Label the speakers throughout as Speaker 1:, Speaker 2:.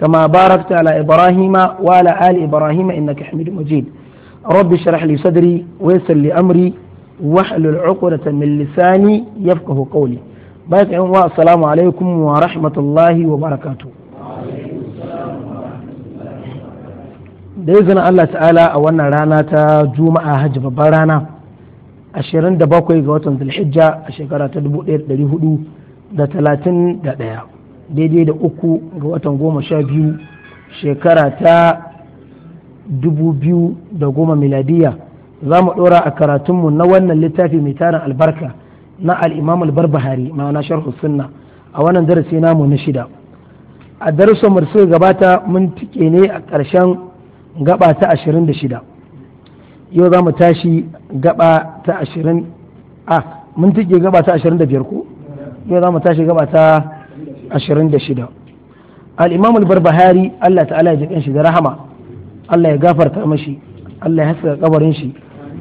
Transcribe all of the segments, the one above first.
Speaker 1: كما باركت على إبراهيم وعلى آل إبراهيم إنك حميد مجيد رب اشرح لي صدري ويسر لي أمري واحلل عقدة من لساني يفقه قولي بارك السلام عليكم ورحمة الله وبركاته da izinin Allah ta'ala a wannan rana ta juma'a hajji babbar rana 27 ga watan zulhijja a shekara ta 1431 daidai da uku ga watan goma sha biyu shekara ta dubu biyu da goma miladiya za mu ɗora a karatunmu na wannan littafi mai tarin albarka na al'imam albarbahari ma'ana sharhu sunna a wannan darasi namu na shida a darussan mu gabata mun tike ne a ƙarshen gaba ta ashirin da shida yau za mu tashi gaba ta ashirin a mun tike gaba ta ashirin da biyar ko yau za mu tashi gaba ta 26 al-imam al-barbahari Allah ta'ala ya jikan shi da rahama Allah ya gafarta mashi Allah ya haska kabarin shi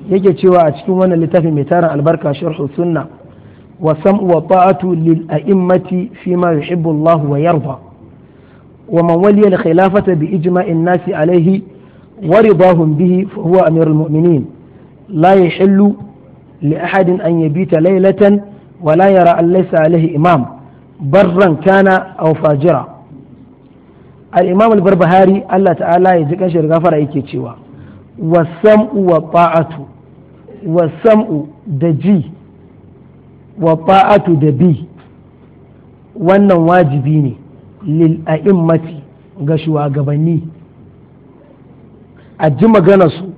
Speaker 1: yake cewa a cikin wannan littafin mai tarin albarka sharh sunna wa sam'u wa ta'atu lil a'immati fi ma yuhibbu Allah wa yarda wa man waliya al-khilafata bi ijma'in nasi alayhi wa ridahum bihi fa huwa amirul mu'minin la yahillu li ahadin an yabita laylatan wa la yara an laysa alayhi imam barran kana aw fajira al-imam al-barbahari Allah ta'ala ya ji kanshi da yake cewa wasam'u wa ta'atu wasam'u da ji wa ta'atu da bi wannan wajibi ne lil a'immati ga shugabanni a ji maganarsu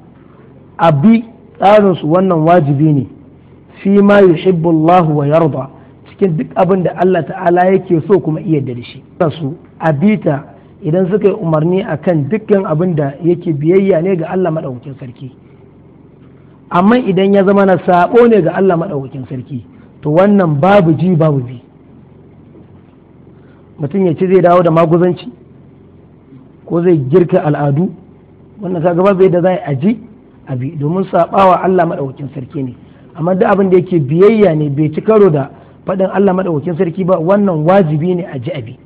Speaker 1: a bi tsarinsu wannan wajibi ne fi ma yuhibbu Allah wa yarda cikin duk abin da Allah ta'ala yake so kuma iya da shi su bita idan suka yi umarni kan dukkan abin da yake biyayya ne ga Allah maɗaukakin sarki amma idan ya zama na sabo ne ga Allah maɗaukakin sarki to wannan babu ji babu bi mutum ya ci zai dawo da maguzanci ko zai girka al'adu wannan kaga babu yadda za a ji abi domin sabawa Allah maɗaukakin sarki ne amma duk abin da yake biyayya ne bai ci karo da faɗin Allah maɗaukakin sarki ba wannan wajibi ne a ji abi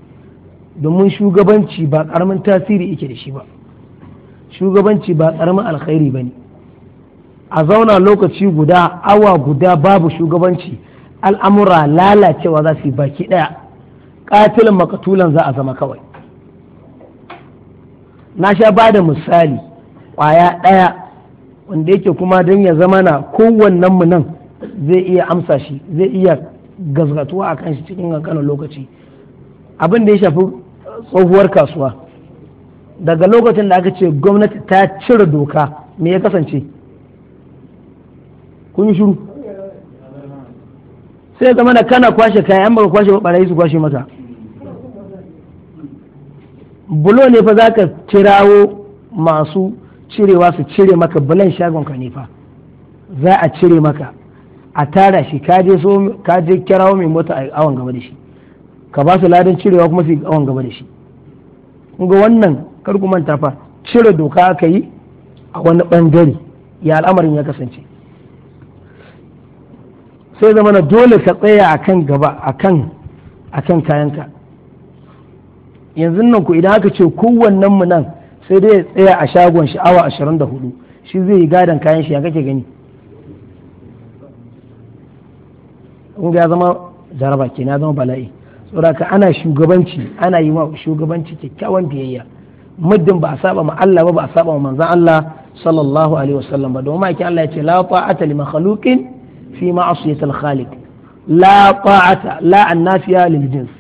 Speaker 1: domin shugabanci ba ƙaramin tasiri yake da shi ba shugabanci ba ƙaramin alkhairi ba ne a zauna lokaci guda awa guda babu shugabanci al'amura lalacewa za su yi baki ɗaya ƙatilin makatulan za a zama kawai na sha ba da misali ƙwaya ɗaya wanda yake kuma don ya zama na kowannen mu nan zai iya amsa shi zai iya gazgatuwa a kan shi cikin kankanin lokaci abin da ya shafi tsohuwar kasuwa daga lokacin da aka ce gwamnati ta cire doka me ya kasance kun yi shuru sai zama da kana kwashe kayan an baka kwashe ba su kwashe maka bulo ne fa zaka kirawo masu cirewa su cire maka bulan shagon ka ne za a cire maka a tara shi kaje so kaje kirawo mai mota a awon gaba da shi ka ba su ladan cirewa kuma su awan gaba da shi kun ga wannan kar ku manta fa cire doka aka yi a wani bangare ya al'amarin ya kasance sai zama na dole ka tsaya akan gaba akan akan kayanka yanzu nan ku idan aka ce kowannen mu nan sai dai ya tsaya a shagon shi awa 24 shi zai yi gadon kayan shi ya kake gani in ya zama jaraba ke na zama bala'i saboda ana shugabanci ana yi wa shugabanci kyakkyawan biyayya muddin ba a saba ma Allah ba ba a saba ma manzon Allah sallallahu alaihi wasallam ba domin ake Allah ya ce la ta'ata li makhluqin fi ma'asiyati al-khaliq la ta'ata la annafiya lil jins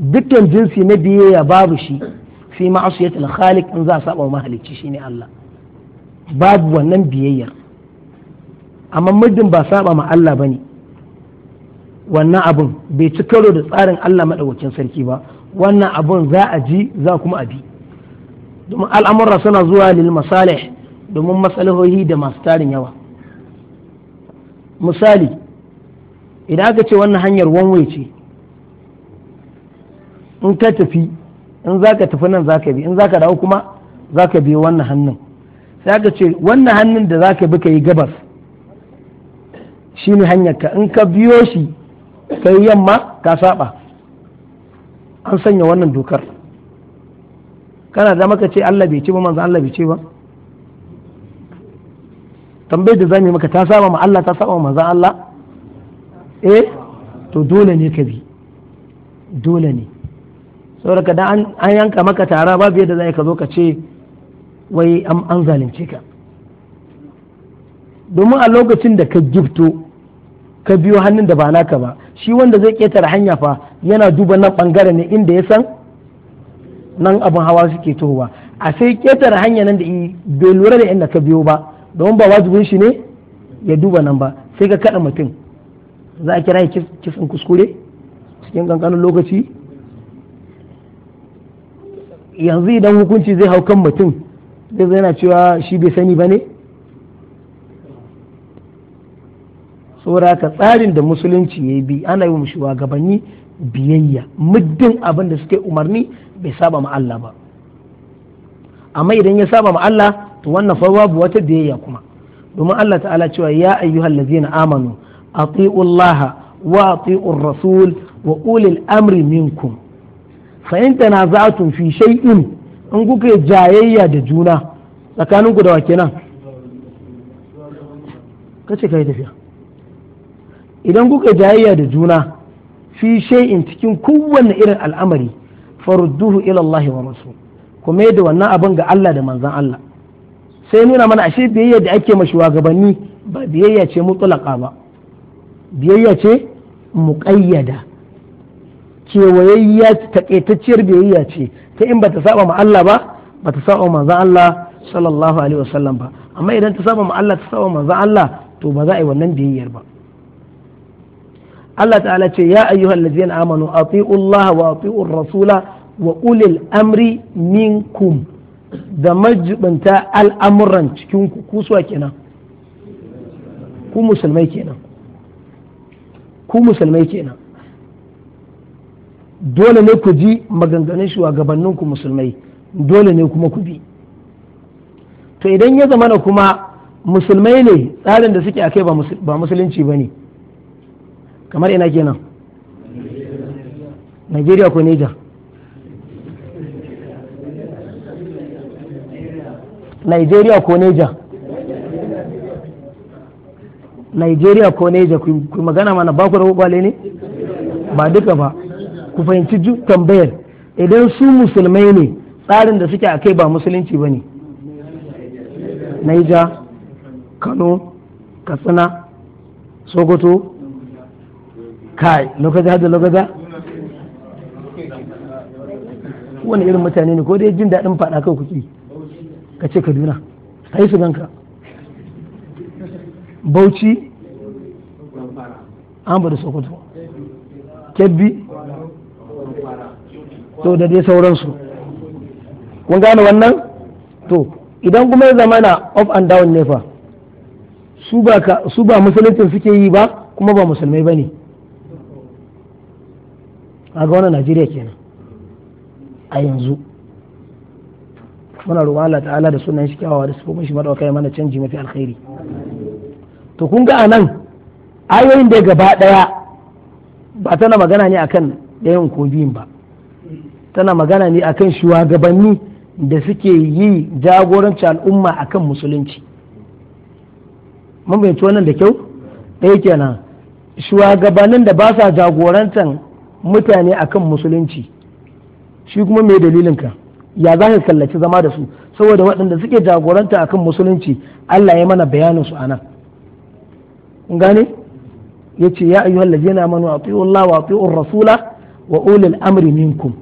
Speaker 1: dukkan jinsi na biyayya babu shi fi ma'asiyati al-khaliq in za a saba ma halicci shine Allah babu wannan biyayyar amma muddin ba saba ma Allah bane wannan abun bai ci karo da tsarin Allah maɗaukacin sarki ba wannan abun za a ji za kuma a bi
Speaker 2: domin al'amurra
Speaker 1: suna zuwa lil masalih domin matsalahohi da masu tarin yawa misali idan aka ce wannan hanyar wanwai ce in ka tafi in za ka tafi nan za ka bi in za ka dawo kuma za ka bi wannan hannun sai aka ce wannan hannun da za ka bi ka yi gabas shi ne ka in ka biyo shi kai yamma ka saba an sanya wannan dokar kana da maka ce Allah bai ce ba manzo Allah bai ce ba tambayar da zamu maka ta saba ma Allah ta saba manzo Allah eh to dole ne ka bi dole ne saboda dan an yanka maka tara babu yadda zai ka zo ka ce wai an zalunce ka domin a lokacin da ka gifto ka biyo hannun da ba naka ba shi wanda zai ƙetare hanya fa yana duba nan ɓangare ne inda ya san nan abin hawa suke tohowa a sai ƙetare hanya nan da bai lura da inda ka biyo ba domin ba wajibin shi ne ya duba nan ba sai ka kaɗa mutum za a kira kisan kuskure cikin kankanin lokaci yanzu idan hukunci zai hau kan mutum zai zai yana cewa shi bai sani ba ne saboda ka tsarin da musulunci ya bi ana yi mushi shugabanni biyayya muddin abin da suke umarni bai saba ma Allah ba amma idan ya saba ma Allah to wannan fa babu wata biyayya kuma domin Allah ta'ala cewa ya ayyuhal ladzina amanu ati'u Allah wa ati'u rasul wa ulil amri minkum fa in tanaza'tum fi shay'in in kuka jayayya da juna tsakaninku da wa nan kace kai tafiya idan kuka jayayya da juna fi shay'in cikin kowanne irin al'amari farudduhu ila Allah wa rasul kuma da wannan abin ga Allah da manzon Allah sai nuna mana ashe biyayya da ake ma shugabanni ba biyayya ce mutlaka ba biyayya ce muqayyada kewayayya takaitacciyar biyayya ce ta in bata saba ma Allah ba bata saba manzon Allah sallallahu alaihi wasallam ba amma idan ta saba ma Allah ta saba manzon Allah to ba za a yi wannan biyayyar ba Allah ta'ala ce ya ayyuhal ladzina amanu Allah wa atiur rasula wa ulil amri minkum da majibanta al'amuran cikin ku suwa kenan ku musulmai kenan ku musulmai kenan dole ne ku ji maganganun shugabannin ku musulmai dole ne kuma ku bi to idan ya zamana kuma musulmai ne tsarin da suke akai ba musulunci ba ne kamar ina kenan nigeria ko Niger Nigeria ko Niger Nigeria ko Niger ku magana mana ba ku da kwale ne ba duka ba ku fahimci tambayar idan su musulmai ne tsarin da suke a kai ba musulunci ba ne Niger Kano Katsina Sokoto kai lokaci hada lokaci
Speaker 2: wani irin mutane
Speaker 1: ne ko dai jin daɗin faɗa kai kuki ka ce kaduna yi su ganka bauchi an bada sokoto kebbi to da dai sauransu kun gane wannan to idan kuma ya zama na up and down ne fa su ba musulunci suke yi ba kuma ba musulmai ba ne kaga wannan najeriya kenan a yanzu muna roƙon Allah ta'ala da sunan shi kyawawa da sifofin shi madaukai mana canji mafi alkhairi to kun ga anan ayoyin da gaba ɗaya ba tana magana ne akan ɗayan ko biyun ba tana magana ne akan shugabanni da suke yi jagoranci al'umma akan musulunci mun bayyana wannan da kyau ɗaya kenan shugabannin da ba sa jagorantar mutane akan musulunci shi kuma mai dalilin ka ya za ka kallaci zama da su saboda waɗanda suke jagoranta akan musulunci Allah ya mana bayanin su anan nan gane yace ya ayyuhal ladina amanu ati'u Allah wa ati'u rasula wa ulil amri minkum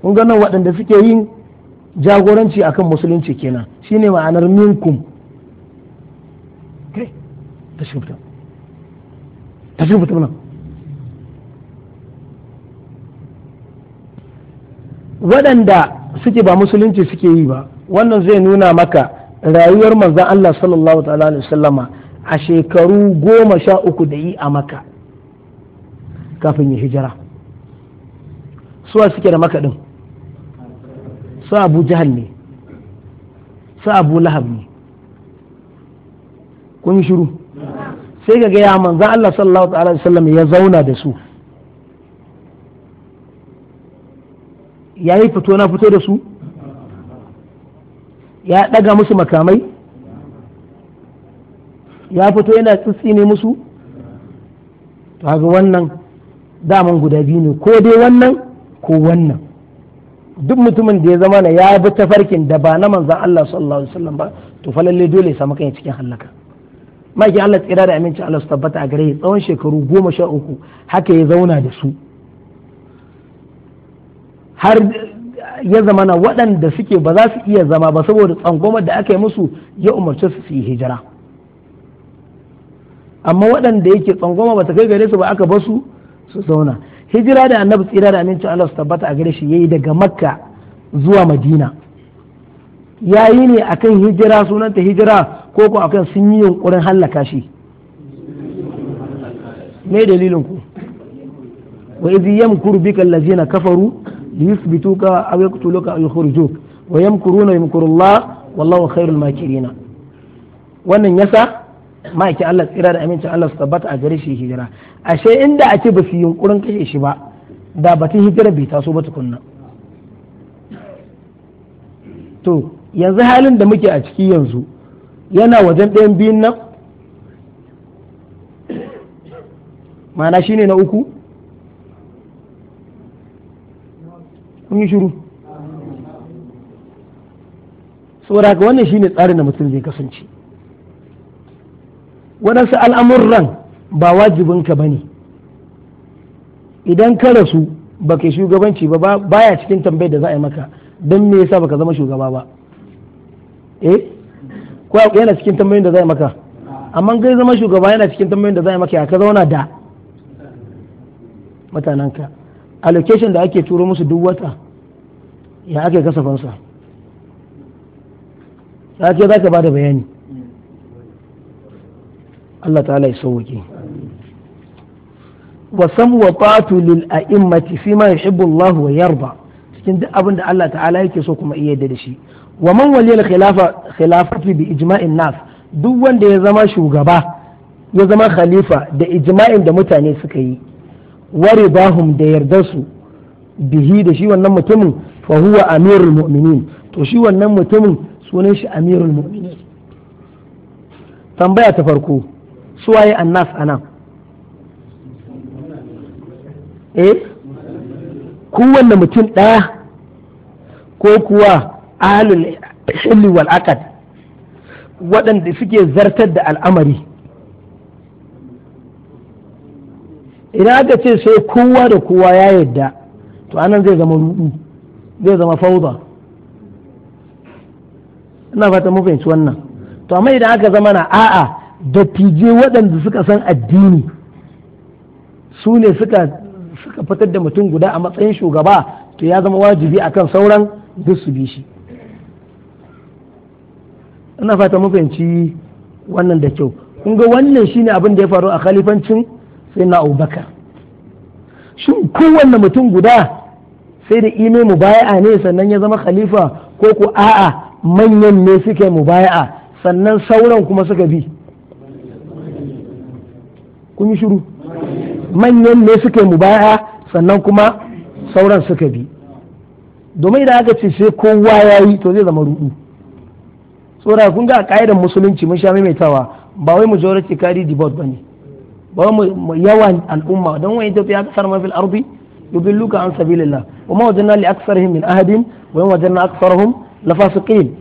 Speaker 1: kun gano nan waɗanda suke yin jagoranci akan musulunci kenan shine ma'anar minkum ta shi ta nan waɗanda suke ba musulunci suke yi ba wannan zai nuna maka rayuwar manzan Allah sallallahu alaihi wasallama a shekaru goma sha uku da yi a maka kafin ya hijira suwa suke da maka ɗin su abu jihar ne su abu lahab ne kun yi shiru sai ga gaya manzan Allah sallallahu alaihi wasallama ya zauna da su ya yi fito na fito da su ya ɗaga musu makamai ya fito yana tsitsine musu to haka wannan daman guda biyu ne ko dai wannan ko wannan duk mutumin da ya zama na ya bi tafarkin da ba na manzan Allah sallallahu alaihi wasallam ba to fa lalle dole ya samu kai cikin halaka maki Allah tsira da aminci Allah su tabbata a gare shi tsawon shekaru goma sha uku haka ya zauna da su har ya zamana waɗanda suke ba za su iya zama ba saboda tsangwamar da aka yi musu ya umarce su su yi hijira amma waɗanda yake tsangwama ba ta kai gare su ba aka basu su zauna hijira da annabi tsira da amincin Allah su tabbata a gare shi yayi daga makka zuwa madina yayi ne akan hijira sunanta hijira ko ko akan sun yi yunkurin hallaka shi
Speaker 2: me dalilin ku
Speaker 1: wa idh yamkuru bika allazina kafaru liyusbituka aw yaqtuluka aw yukhrijuk wa yamkuruna yamkurullah wallahu khairul makirina wannan yasa ma'aikin Allah tsira da amincin Allah su tabbata a gare shi hijira ashe inda ake ce ba su yunkurin kashe shi ba da batun hijira bai taso ba tukunna to yanzu halin da muke a ciki yanzu yana wajen ɗayan biyun nan mana shine na uku kun yi shiru saboda haka wannan shine tsarin da mutum zai kasance waɗansu al'amuran ba wajibinka ba ne idan ka rasu ba ka shugabanci ba baya cikin tambayar da za a yi maka don me yasa baka zama shugaba ba eh ko yana cikin tambayoyin da za a yi maka amma kai zama shugaba yana cikin tambayoyin da za a yi maka ya ka zauna da mutanenka allocation da ake turo musu duk wata ya ake kasafansa ya ce za ka ba da bayani Allah ta'ala ya sauwake wa samwa lil a'immati fi ma yuhibbu wa yarba cikin duk abin da Allah ta'ala yake so kuma iya da shi wa man yana khilafa khilafati bi ijma'in nas duk wanda ya zama shugaba ya zama khalifa da ijma'in da mutane suka yi wari bahum da yardar su bihi da shi wannan mutumin fa huwa amirul mu'minin to shi wannan mutumin sunan shi amirul mu'minin tambaya ta farko su waye annas ana eh wannan mutum ɗaya ko kuwa ahlul hilli wal aqd waɗanda suke zartar da al'amari
Speaker 2: idan aka ce sai kowa
Speaker 1: da kowa ya yadda to anan zai zama rudu zai zama fauda ina fata mu fahimci wannan to amma idan aka zama na a'a da dattijai waɗanda suka san addini su ne suka suka fitar da mutum guda a matsayin shugaba to ya zama wajibi akan sauran duk su bi shi ina fata mu fahimci wannan da kyau kun ga wannan shine abin da ya faru a khalifancin sai na abubakar shin kowanne mutum guda sai da ime mubaya'a ne sannan ya zama khalifa ko ku a'a manyan ne suke mubaya'a sannan sauran kuma suka bi kun yi shiru manyan ne suke baya'a sannan kuma sauran suka bi domin idan aka ce sai kowa ya yi to zai zama rudu tsora kun ga a ka'idar musulunci mun sha maimaitawa ba wai majority carry the vote ba ne ba mu yawan al'umma don wani ya kasar mafil ardi luka an sabilillah wa ma wajanna li aksarihim min ahadin wa na wajanna aksarahum la fasiqin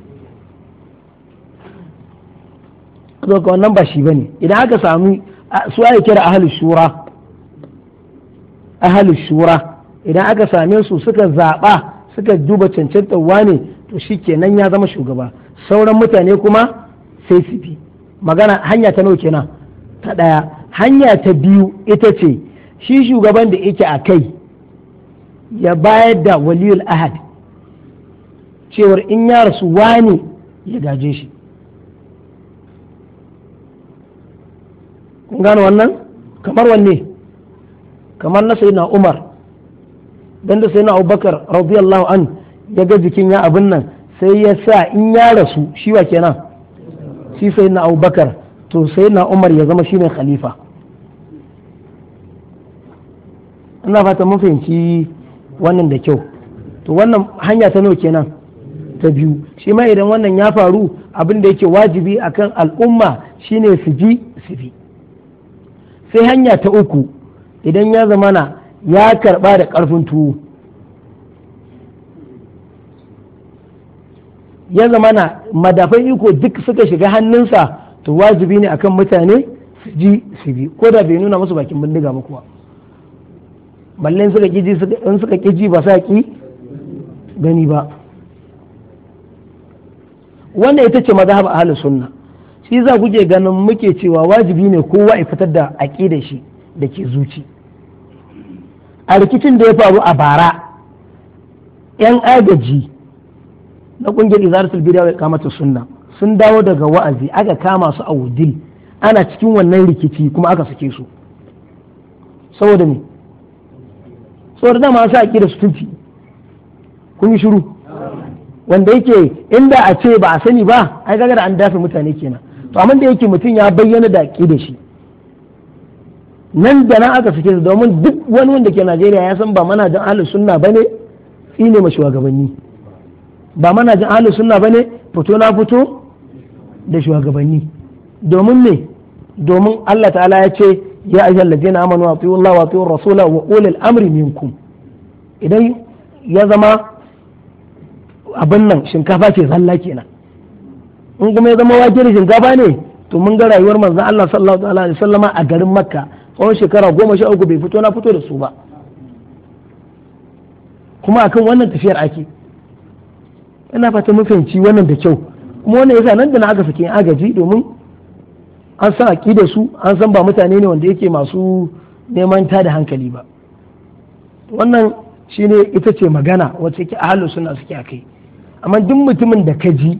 Speaker 1: to ga wannan ba shi bane idan aka sami su ake kira ahlus shura ahlus shura idan aka same su suka zaba suka duba cancanta wane to shikenan ya zama shugaba sauran mutane kuma sai su bi magana hanya ta nawa kenan ta daya hanya ta biyu ita ce shi shugaban da yake a kai ya bayar da waliyul ahad cewar in ya rasu wani ya gaje shi kun gane wannan kamar wanne kamar na na umar don da na abubakar radiyallahu an ya ga jikin ya abin nan sai ya sa in ya rasu shi wa kenan shi na abubakar to na umar ya zama shi ne khalifa ina fata mun fahimci wannan da kyau to wannan hanya ta nawa kenan ta biyu shi ma idan wannan ya faru abin da yake wajibi akan al'umma shine su ji su bi sai hanya ta uku idan ya zamana ya karba da karfin tuwo ya zama na madafan iko duk suka shiga hannunsa to wajibi ne akan mutane su ji su bi ko da bai nuna musu bakin bindiga ba kuwa balle suka kiji in suka kiji ba sa ki gani ba wannan ita ce mazhab ahli sunna shi za ku kuke ganin muke cewa wajibi ne kowa ya fitar da da shi da ke zuci a rikicin da ya faru a bara yan agaji na kungiyar izaratul bidiya wa kamata sunna sun dawo daga wa'azi aka kama su a wudil ana cikin wannan rikici kuma aka sake su saboda tsohon dama sa ki da sutunci kun yi shiru wanda yake inda a ce ba a sani ba ai kaga an dafe mutane kenan to amma da yake mutum ya bayyana da ki da shi nan da nan aka da domin duk wani wanda ke Najeriya ya san ba manajin ahlus sunna bane tsine ma shugabanni ba manajin ahlus sunna bane fito na fito da shugabanni domin me domin Allah ta'ala ya ce ya ayyuha allazina amanu atiu Allah wa atiu rasula wa ulil amri minkum idan ya zama abin nan shinkafa ce zalla kenan in kuma ya zama wake shinkafa ne to mun ga rayuwar manzon Allah sallallahu alaihi wasallama a garin Makka tsawon shekara goma sha uku bai fito na fito da su ba kuma akan wannan tafiyar ake ina fata mun fahimci wannan da kyau kuma wannan yasa nan da na aka saki agaji domin an san a su an san ba mutane ne wanda yake masu neman ta da hankali ba wannan shi ne ita ce magana wacce ke ahalu suna suke a kai amma duk mutumin da ka ji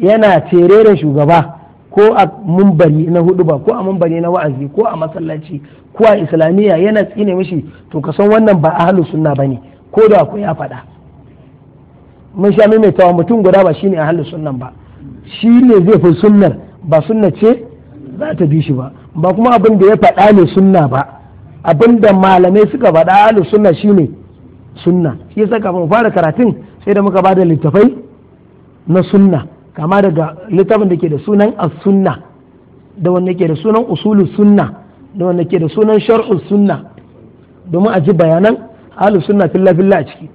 Speaker 1: yana tereren shugaba ko a mumbari na hudu ba ko a mumbari na wa'azi ko a masallaci ko a islamiyya yana tsine mishi to ka san wannan ba ahalu sunna bane ko da ku ya faɗa mun sha tawa mutum guda ba shine ahalu sunnan ba shi ne zai fi sunnar ba sunna ce za ta bi shi ba ba kuma abin da ya faɗa ne sunna ba abin da malamai suka faɗa ahlu sunna shine sunna shi yasa kafin mu fara karatun sai da muka bada littafai na sunna kama daga littafin da ke da sunan as-sunna da wanda ke da sunan usulu sunna da wanda ke da sunan sharu sunna domin a ji bayanan ahlus sunna filla filla a ciki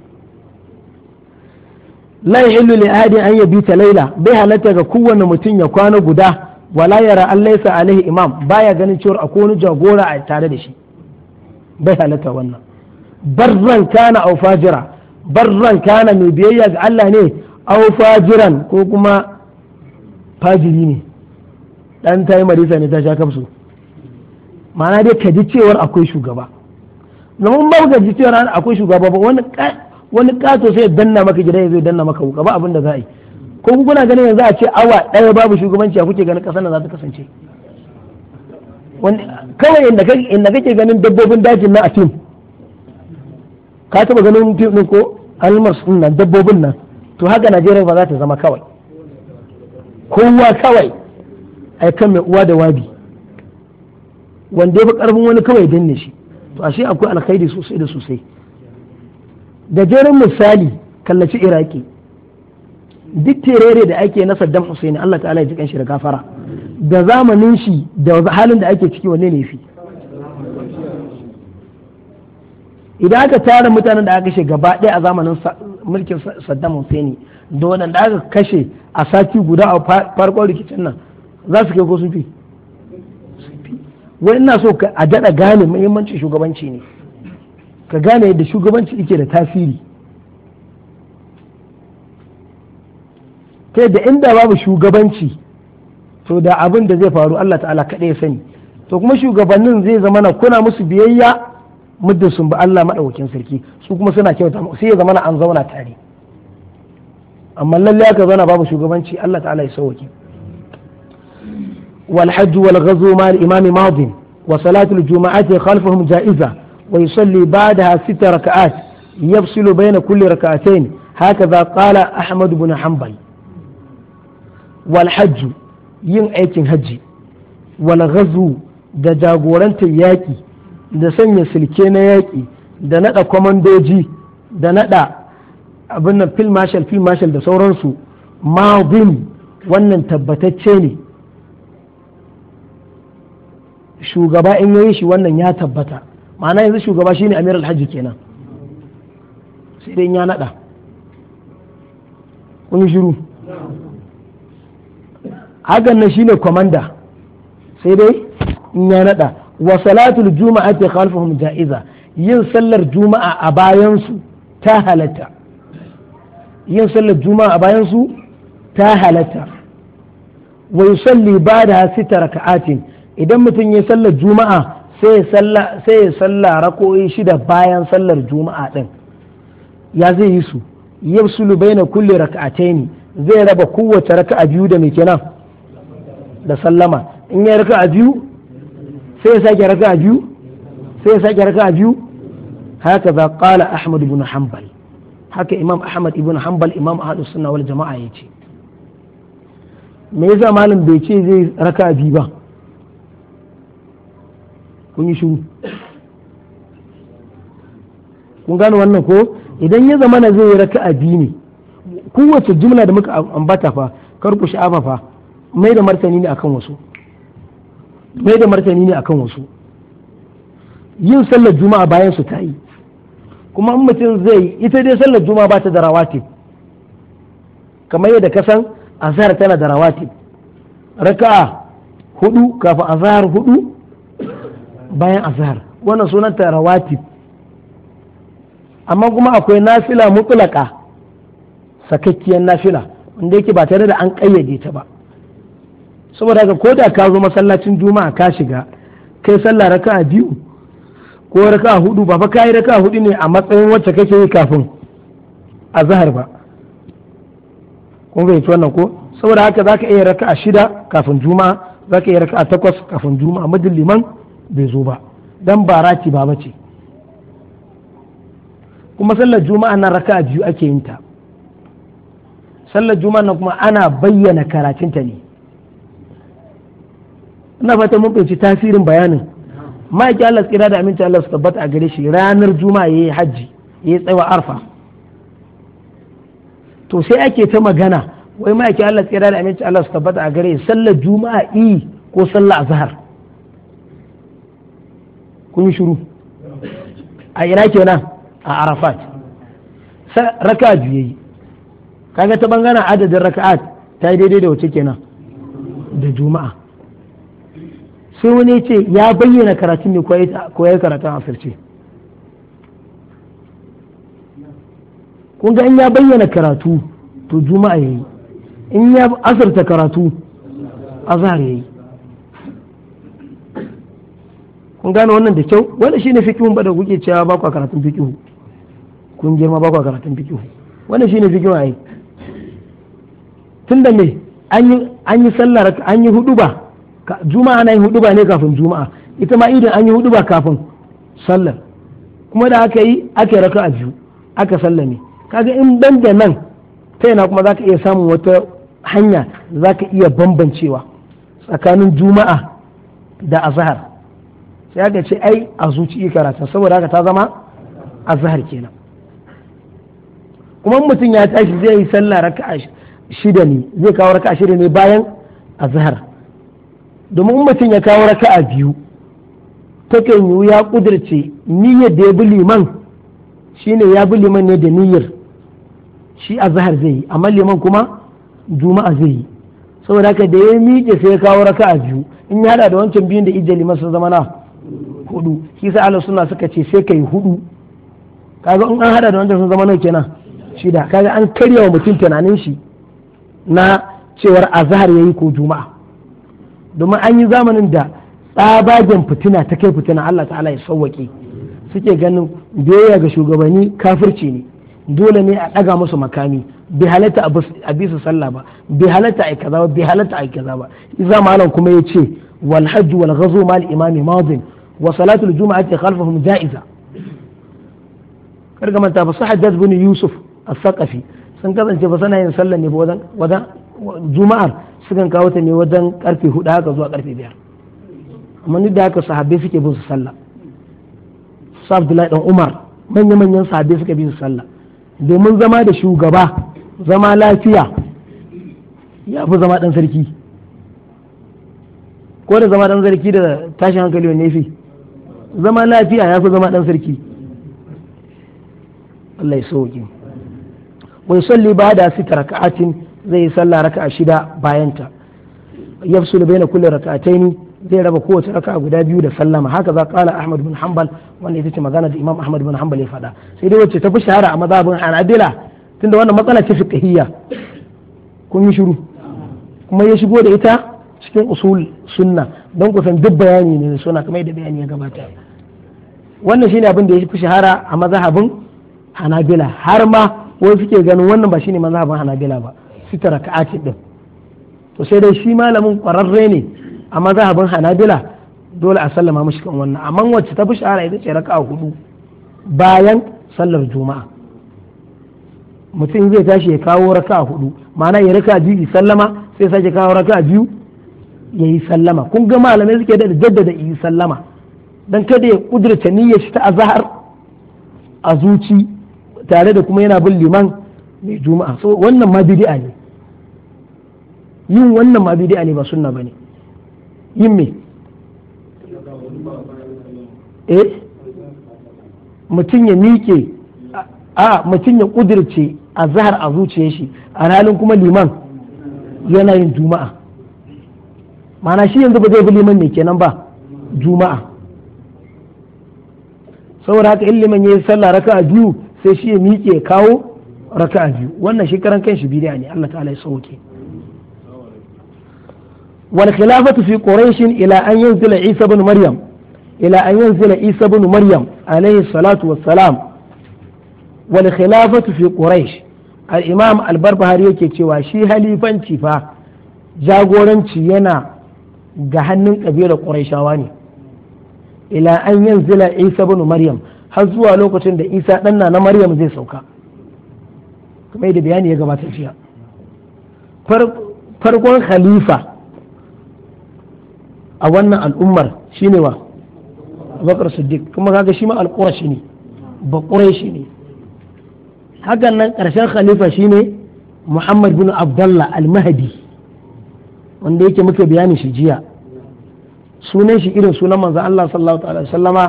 Speaker 1: la yahillu li ahadin an yabita layla bai halatta ga kowane mutum ya kwana guda wala yara an laisa alaihi imam baya ganin cewa akwai wani jagora a tare da shi bai halatta wannan barran kana au fajira barran kana mai biyayya ga Allah ne au fajiran ko kuma fajiri ne dan tayi marisa ne ta sha kafsu ma'ana dai ka ji cewar akwai shugaba namun ba ka ji cewar akwai shugaba ba wani wani kato sai danna maka gida ya zo danna maka wuka ba abin da za a yi ko kun kuna ganin yanzu a ce awa ɗaya babu shugabanci a kuke ganin ƙasar nan za ta kasance kawai inda kake ganin dabbobin dajin na a fim ka taɓa ganin fim ɗin ko almas nan dabbobin nan to haka najeriya ba za ta zama kawai kowa kawai ai kan mai uwa da wabi wanda ya fi ƙarfin wani kawai danne shi to ashe akwai alkhairi sosai da sosai da jerin misali kallaci iraki duk terere da ake na Saddam Hussein Allah ta'ala ya ji kanshi da gafara da zamanin shi da halin da ake ciki wanne ne fi idan aka tara mutanen da aka kashe gaba ɗaya a zamanin mulkin Saddam Hussein da waɗanda aka kashe a sati guda a farkon rikicin nan za su kai ko sun fi wani ina so a daɗa gane muhimmancin shugabanci ne ka gane yadda shugabanci yake da tasiri sai da inda babu shugabanci to da abin da zai faru Allah ta'ala kaɗai ya sani to kuma shugabannin zai zama na kuna musu biyayya muddin sun bi Allah maɗaukakin sarki su kuma suna kyauta sai ya zama an zauna tare amma lalle aka zauna babu shugabanci Allah ta'ala ya sauke wal hajj wal ghazw ma al imam madin wa salatu al jumu'ati khalfahum ja'iza wa yusalli ba'daha sita rak'at yafsilu bayna kulli rak'atayn hakaza qala ahmad ibn hanbal wal yin aikin hajji walghazu da jagorantar yaƙi da sanya silke na yaƙi da naɗa kwamandoji da naɗa abin nan fil marshal fil marshal da sauransu bin wannan tabbatacce ne shugaba in yayi shi wannan ya tabbata ma'ana yanzu shugaba shine amir alhaji kenan sai dai ya naɗa kun shiru hakan nan shine komanda sai dai in ya nada wa salatul juma'a ta khalfahum ja'iza yin sallar juma'a a bayan su ta halatta yin sallar juma'a a bayan su ta halatta wa yusalli ba'da sita raka'atin idan mutum ya sallar juma'a sai ya salla rako'i shida bayan sallar juma'a din ya zai yi su yafsulu baina kulli raka'ataini zai raba kowace raka'a biyu da mai kenan da sallama in ya raka a biyu sai ya sake raka a biyu sai ya sake raka a biyu haka za kala ahmad ibn hanbal haka imam ahmad ibn hanbal imam ahadu sunna wal jama'a ya ce. me yasa malam bai ce zai raka a biyu ba kun yi shuru kun gano wannan ko idan ya zama na zai raka a biyu ne kowace jumla da muka ambata fa kar ku sha'afa fa mai da martani ne akan wasu mai da martani ne akan wasu yin sallar juma'a bayan su ta yi kuma in mutum zai ita dai sallar juma'a ba ta da rawatib kamar yadda ka san azhar tana da rawatib raka'a hudu kafin azhar hudu bayan azhar wannan sunanta rawatib amma kuma akwai nafila mutlaka sakakkiyar nafila wanda yake ba tare da an kayyade ta ba saboda haka ko da ka zo masallacin juma'a ka shiga kai sallah raka'a biyu ko raka'a hudu ba fa kai raka'a hudu ne a matsayin wacce kake yi kafin a zahar ba kun bai wannan ko saboda haka zaka iya raka'a shida kafin juma'a zaka iya raka'a takwas kafin juma'a madin liman bai zo ba dan ba ba bace kuma sallar juma'a na raka'a biyu ake yin ta sallar juma'a nan kuma ana bayyana karatunta ne ina fatan mun fahimci tasirin bayanin ma'aiki Allah su kira da aminci Allah su tabbata a gare shi ranar juma'a yi hajji ya yi tsawa arfa to sai ake ta magana wai ma'aiki Allah su kira da aminci Allah su tabbata a gare sallar juma'a i ko sallar azhar kun yi shiru a ina kenan a arafat raka biyu yayi kaga ta bangana adadin raka'at ta yi daidai da wace kenan da juma'a sai wani ce ya bayyana karatun ne ko ya karatun asirce kun ga in ya bayyana karatu to juma'a ya yi in ya asirta karatu azhar yi kun gane wannan da kyau wanda shine fikihun ba da kuke cewa ba kwa karatun fikihu kun girma ba kwa karatun fikihu wannan shine fiqhu ai tunda me an yi an yi sallar an yi hudu ba juma'a na yi hudu ba ne kafin juma'a ita ma idan an yi hudu ba kafin sallar kuma da aka yi ake raka a biyu aka sallame kaga in ban da nan ta yana kuma zaka iya samun wata hanya zaka iya bambancewa tsakanin juma'a da azhar sai aka ce ai a zuci karatu saboda haka ta zama azhar kenan kuma mutum ya tashi zai yi sallah raka'a shida ne zai kawo raka'a shida ne bayan azhar domin mutum ya kawo raka a biyu takan yiwu ya kudirce niyyar da ya bi liman shi ne ya bi liman ne da niyyar shi a zahar zai yi amma liman kuma juma'a zai yi saboda haka da ya miƙe sai ya kawo raka a biyu in ya hada da wancan biyun da liman sun zama na hudu shi sa Allah suna suka ce sai ka yi hudu kaga in an hada da wancan sun zama nawa kenan shida kaga an karyawa wa mutum tunanin shi na cewar azhar yayi ko juma'a domin an yi zamanin da tsabagen fitina ta kai fitina Allah ta'ala ya sauwaƙe suke ganin biyayya ga shugabanni kafirci ne dole ne a ɗaga musu makami bi halatta a bisa sallah ba bi halatta a kaza ba bi halatta a kaza ba iza malam kuma ya ce wal hajj wal ghazu mal imami madin wa salatul juma'ati khalfahum ja'iza karga manta fa sahajjat bin yusuf as-saqafi sun kasance ba sana yin sallah ne ba wajen juma'ar sukan kawo ta ne wajen karfe hudu haka zuwa karfe biyar amma duk da haka sahabbai suke bin su sallah su abdullahi dan umar manya-manyan sahabbai suka bi su sallah domin zama da shugaba zama lafiya ya fi zama dan sarki ko da zama dan sarki da tashin hankali wanne fi zama lafiya ya fi zama dan sarki Allah ya sauke wai salli ba da sita zai yi sallah raka'a shida bayanta yafsul baina kulli raka'ataini zai raba kowace raka'a guda biyu da sallama haka za kala Ahmad bin Hanbal wanda ita ce magana da Imam Ahmad bin Hanbal ya faɗa sai dai wacce ta fi shahara a mazhabin Hanabila tunda wannan matsala ce fiqhiyya kun yi shiru kuma ya shigo da ita cikin usul sunna don kusan duk bayani ne suna kamar yadda bayani ya gabata wannan shine abin da ya fi shahara a mazhabin Hanabila har ma wai suke ganin wannan ba shine mazhabin Hanabila ba sita raka'ati din to sai dai shi malamin kwararre ne a mazhabin hanabila dole a sallama mashi kan wannan amma wacce ta fi shahara ita ce raka'a hudu bayan sallar juma'a mutum zai tashi ya kawo raka'a hudu ma'ana ya raka biyu sallama sai sake kawo raka'a biyu ya yi sallama kun ga malamai suke da jaddada yi sallama dan kada ya kudurta niyyar shi ta azahar a zuci tare da kuma yana bin liman mai juma'a so wannan ma bid'a ne yin wannan ma bid'a ne ba sunna bane yin me eh mutum ya miƙe a mutum ya kudirce a zahar a zuciyar shi a ranar kuma liman yana yin juma'a mana shi yanzu ba zai bi liman ne kenan ba juma'a saboda haka liman ya yi sallah a biyu sai shi ya miƙe kawo raka a biyu wannan shekaran karan kan shi bidiya ne Allah ta'ala ya sauke wal khilafatu fi quraish ila an yanzila isa maryam ila an yanzila isa ibn maryam alayhi salatu wassalam wal khilafatu fi quraish al imam al barbahari yake cewa shi halifanci fa jagoranci yana ga hannun kabilar quraishawa ne ila an yanzila isa ibn maryam har zuwa lokacin da isa ɗanna na maryam zai sauka kamar da bayani ya gabata jiya farkon khalifa a wannan al'ummar shine wa bakar siddiq kuma kaga shi ma alƙurashi ne shi ne hakan nan ƙarshen khalifa shine muhammad bin abdullah al-mahdi wanda yake muka bayanin shi jiya sunan shi irin sunan manzan Allah sallallahu alaihi wasallama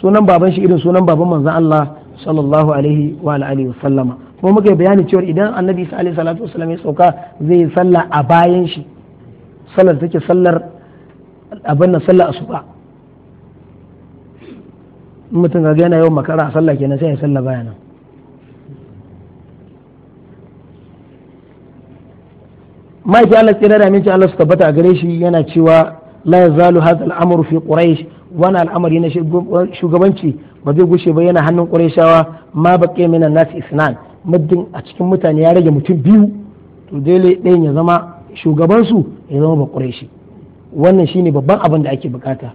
Speaker 1: sunan baban shi irin sunan baban manzan Allah sallallahu alaihi wa alihi wasallama kuma muka bayani cewa idan annabi isa alaihi salatu wasallam ya sauka zai yi sallah a bayan shi sallar take sallar abin nan sallah asuba in mutum ga yana yawan makara a sallah kenan sai ya sallah baya nan ma'aikin Allah tsira da aminci Allah su tabbata a gare shi yana cewa la yazalu hadha al-amru fi quraish wani al'amari na shugabanci ba zai gushe ba yana hannun qurayshawa ma baqiya minan nas isnan muddin a cikin mutane ya rage mutum biyu to dole ɗayan ya zama shugabansu ya zama ba quraishi wannan shine babban abin da ake bukata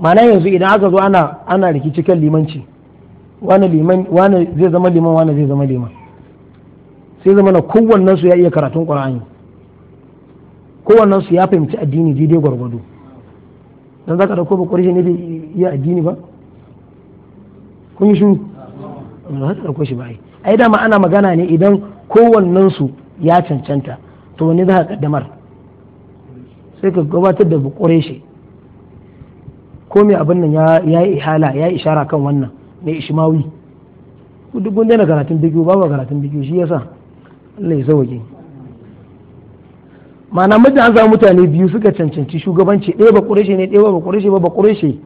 Speaker 1: ma'ana yanzu idan aka zo ana ana rikici kan limanci wani liman wani zai zama liman wani zai zama liman sai zama na kowannen su ya iya karatun qur'ani kowannen su ya fahimci addini daidai gwargwado dan zaka dauko ba qur'ani ne da iya addini ba kun yi shiru ba haka dauko shi ba ai ai dama ana magana ne idan kowannen su ya cancanta to ne za ka kaddamar sai ka gabatar da bukure shi ko mai abin nan ya yi ihala ya yi ishara kan wannan mai ishimawi duk gun daina karatun bigiyo babu karatun bigiyo shi yasa Allah ya sauke ma'ana mutum an samu mutane biyu suka cancanci shugabanci ɗaya bakure shi ne ɗaya ba shi ba bakure shi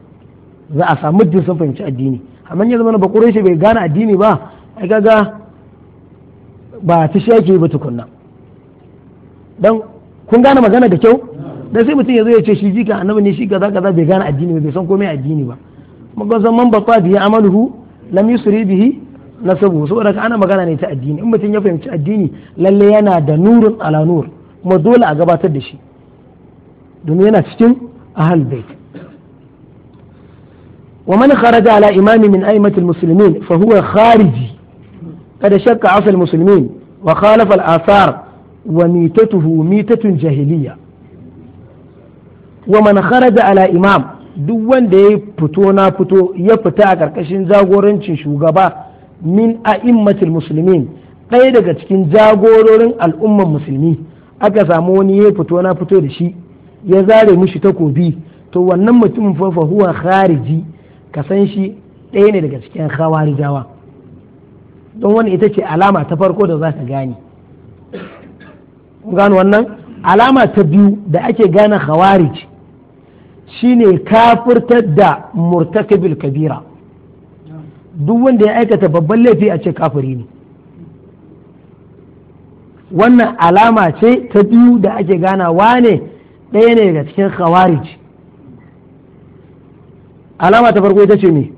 Speaker 1: za a samu mutum sun fahimci addini amma ya zama bakure shi bai gane addini ba ai kaga ba ta shi yi ba tukunna dan kun gane magana da kyau da sai mutum ya zo ya ce shi jika annabi ne shi kaza kaza bai gane addini ba bai san komai addini ba mukan san man batta bihi amaluhu lam yusri bihi nasabu saboda ka ana magana ne ta addini in mutum ya fahimci addini lalle yana da nurun ala nur kuma dole a gabatar da shi domin yana cikin ahal bait ومن خرج على إمام من أئمة المسلمين فهو خارجي قد شك عصى المسلمين وخالف الآثار وميتته ميتة جاهلية wa man kharaja ala imam duk wanda ya fito na fito ya fita a ƙarƙashin jagorancin shugaba min a'immatul muslimin ɗaya daga cikin jagororin al'umman musulmi aka samu wani ya fito na fito da shi ya zare mishi takobi to wannan mutumin fa huwa khariji ka san shi ɗaya ne daga cikin khawarijawa don wani ita ce alama ta farko da za ka gane gano wannan alama ta biyu da ake gane khawarij shine kafirtar da murtakabil kabira duk wanda ya aikata babban laifi a ce kafiri ne wannan alama ce ta biyu da ake ganawa ne ɗaya ne daga cikin khawarij alama ta farko ita ce ne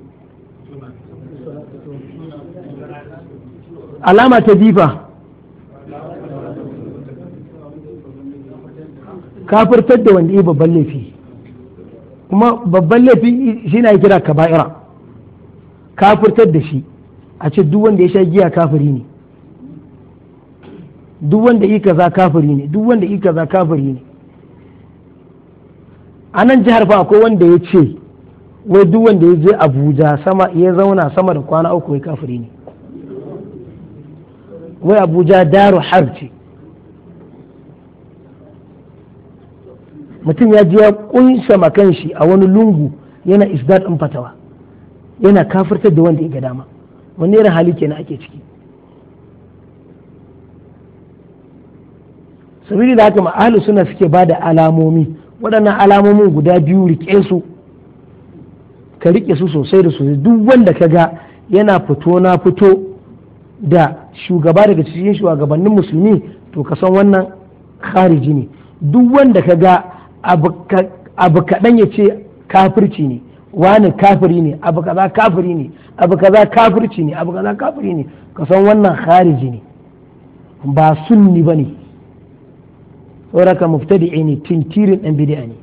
Speaker 1: alama ta bifa kafirtar da wanda yi babban laifi kuma babban laifi shi na kira kaba'ira kafirtar da shi a ce duk wanda ya sha giya kafiri ne duk wanda yi kaza kafiri ne duk wanda yi kaza kafiri ne a nan jihar fa akwai wanda ya ce wai duk wanda ya je abuja sama ya zauna sama da kwana uku ya kafiri ne wai abuja daru har ce mutum ya je ya kunsha makan shi a wani lungu yana isdad in fatawa yana kafirtar da wanda ya ga dama wani irin hali kenan ake ciki sabili da haka ma'alu suna suke ba da alamomi waɗannan alamomin guda biyu rike su ka rike su sosai da sosai duk wanda ka ga yana fito na fito da shugaba daga cikin shugabannin musulmi to ka san wannan khariji ne duk wanda ka ga abu kaɗan ya ce kafirci ne wani kafiri ne abu kaza kafiri ne abu kaza kafirci ne abu kaza kafiri ne ka san wannan khariji ne ba sunni ba ne sauraka muftadi ne tintirin ɗan bid'a ne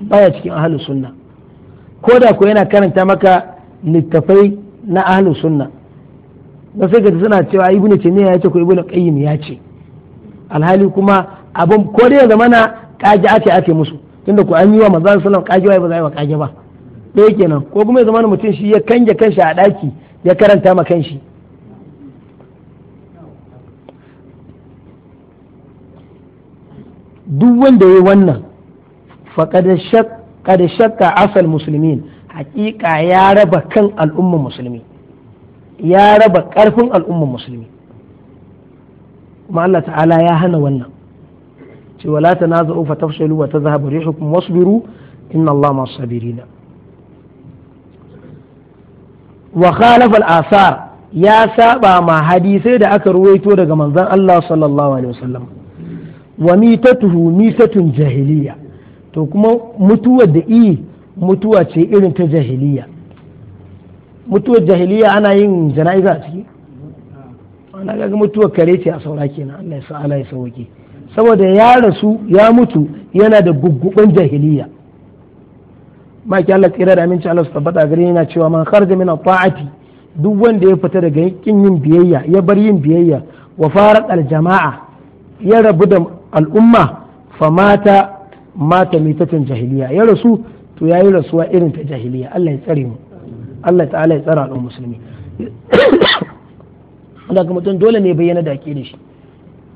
Speaker 1: baya cikin ahlus sunna ko da ko yana karanta maka littafai na ahlus sunna ba sai ka suna cewa ibnu taymiya ya ce ko ibnu qayyim ya ce alhali kuma abin ko dai ya zamana kaji ake ake musu tunda ku an yi wa maza sallallahu alaihi wasallam kaji ba za a yi wa kaji ba kenan ko kuma ya zama mutum shi ya kange kanshi a ɗaki ya karanta ma kanshi duk wanda ya yi wannan da shakka asal musulmin hakika ya raba kan al'umman musulmi ya raba ƙarfin al'umman musulmi kuma Allah ta'ala ya hana wannan cewa la tanaza'u fa tafshalu wa tadhhabu rihukum wasbiru inna Allah ma'as sabirin wa khalafa al-athar ya saba ma hadisai da aka ruwaito daga manzon Allah sallallahu alaihi wasallam wa mitatuhu mitatun jahiliya to kuma mutuwar da i mutuwa ce irin ta jahiliya mutuwar jahiliya ana yin jana'iza a ciki ana ga mutuwar kare ce a saura kenan Allah ya sa Allah ya sauke saboda ya rasu ya mutu yana da gugguɓin jahiliya maki Allah tsira da aminci Allah su tabbata gare yana cewa man kharja min ta'ati duk wanda ya fita daga yakin yin biyayya ya bar yin biyayya wa farat al jama'a ya rabu da al'umma fa mata mata mitatan jahiliya ya rasu to yayi rasuwa irin ta jahiliya Allah ya tsare mu Allah ta'ala ya tsara al musulmi da kuma dole ne bayyana da ake da shi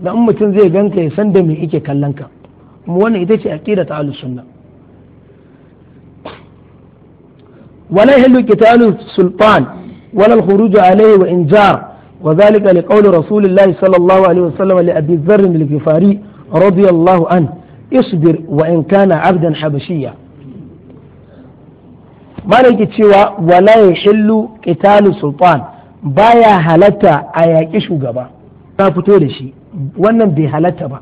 Speaker 1: da in mutum zai ganka ya san da me yake kallon ka kuma wannan ita ce aqida ta ahlus sunna wala yahlu qitalu sultan wala al-khuruj alayhi wa injar وذلك لقول رسول الله صلى الله عليه وسلم لأبي ذر الغفاري رضي الله عنه اصبر وإن كان عبدا حبشيا malaki cewa wala ya shillu qitalu sultan baya halatta a yaƙi shugaba ta fito da shi wannan bai halatta ba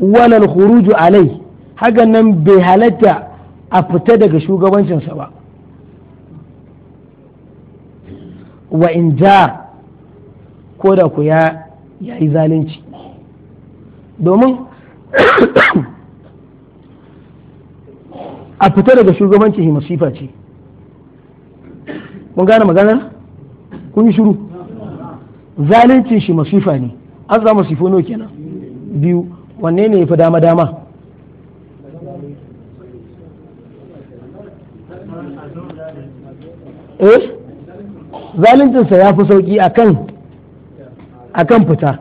Speaker 1: walal khuruju alai hakan nan bai halatta a fita daga shugabancinsa ba wa in ja ko ku ya yi zalunci domin a fita daga shugabanci masifa ce mun gane maganar kun shiru zalincin shi masifa ne an za masifu nawa kenan biyu wanne ne fi dama dama eh zaluncin sa yafi sauki akan akan fita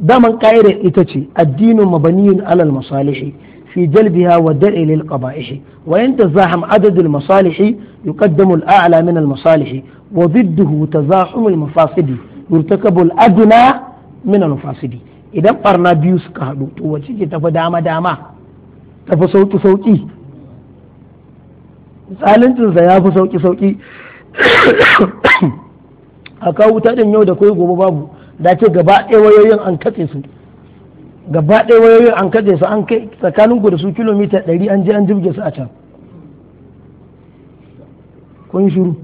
Speaker 1: daman ka'ida ita ce addinin mabaniyin alal masalihi fi jalbiha wa dalil al qaba'ih wa in tazaham adad al masalihi yuqaddamu al a'la min al masalihi wa bidduhu tazahum al mafasidi yurtakabul adna min al-fasidi idan barna biyu suka haɗu to wace ke tafi dama dama tafi sauki sauki zaluncinsa ya fi sauki sauki a kawo wuta din yau da kai gobe babu da ce gaba ɗaya wayoyin an katse su gaba ɗaya wayoyin an katse su an kai tsakanin gudu su kilomita ɗari an je an jirge su a can kun shiru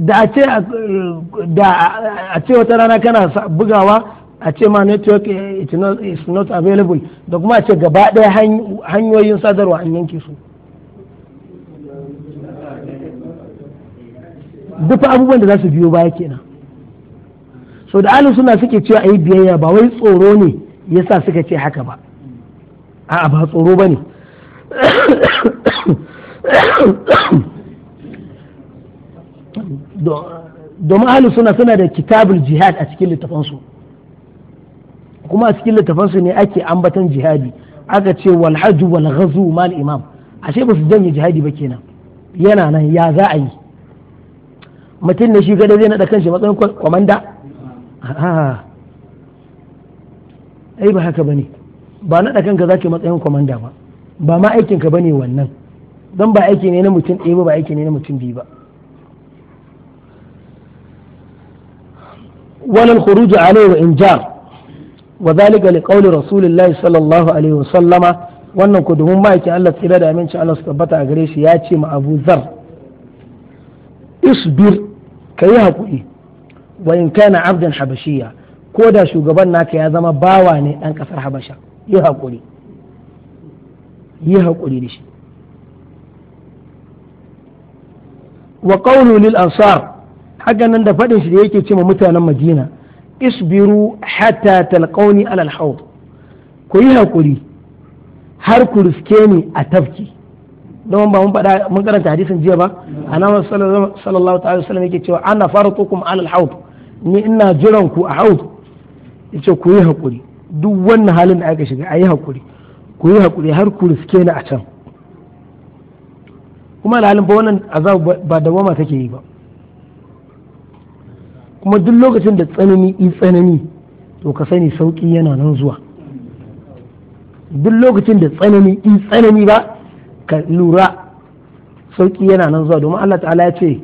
Speaker 1: da ce a ce wata rana kana bugawa a ce ma network is not available da kuma a ce gaba ɗaya hanyoyin sadarwa an yanke su dufa abubuwan da za su biyo baya kenan so da alu suna suke cewa a yi biyayya ba wai tsoro ne ya sa suka ce haka ba a' ba tsoro ba ne domin ahli suna suna da kitabul jihad a cikin littafansu kuma a cikin littafansu ne ake ambatan jihadi aka ce wal hajju wal ghazu mal imam ashe ba su janye jihadi ba kenan yana nan ya za a yi mutum ne shi kada zai naɗa kanshi matsayin kwamanda ai ba haka bane ba naɗa kanka zaki matsayin kwamanda ba ba ma aikinka bane wannan don ba aiki ne na mutum ɗaya ba ba aiki ne na mutum biyu ba
Speaker 2: ولا الخروج عليه وإن
Speaker 1: جار وذلك لقول رسول الله صلى الله عليه وسلم wannan ku domin ma'aikin Allah tsira da aminci Allah su tabbata a gare shi ya ce ma Abu Zar isbir ka yi haƙuri wa in kana abdan habashiya ko da shugaban naka ya zama bawa ne ɗan ƙasar habasha yi haƙuri yi haƙuri da shi wa qawlu lil ansar haka nan da faɗin shi da yake ce ma mutanen madina isbiru hatta talqauni alal hawd ku yi hakuri har ku riske ni a tafki don ba mun faɗa mun karanta hadisin jiya ba annabi sallallahu alaihi wasallam yake cewa ana faratukum alal hawd ni ina jiran ku a hawd yace ku yi hakuri duk wannan halin da aka shiga ayi hakuri ku yi hakuri har ku riske ni a can kuma halin ba wannan azab ba dawama take yi ba kuma duk lokacin da tsanani i tsanani to ka sani sauƙi yana nan zuwa duk lokacin da tsanani i tsanani ba ka lura sauƙi yana nan zuwa domin Allah ta'ala ya ce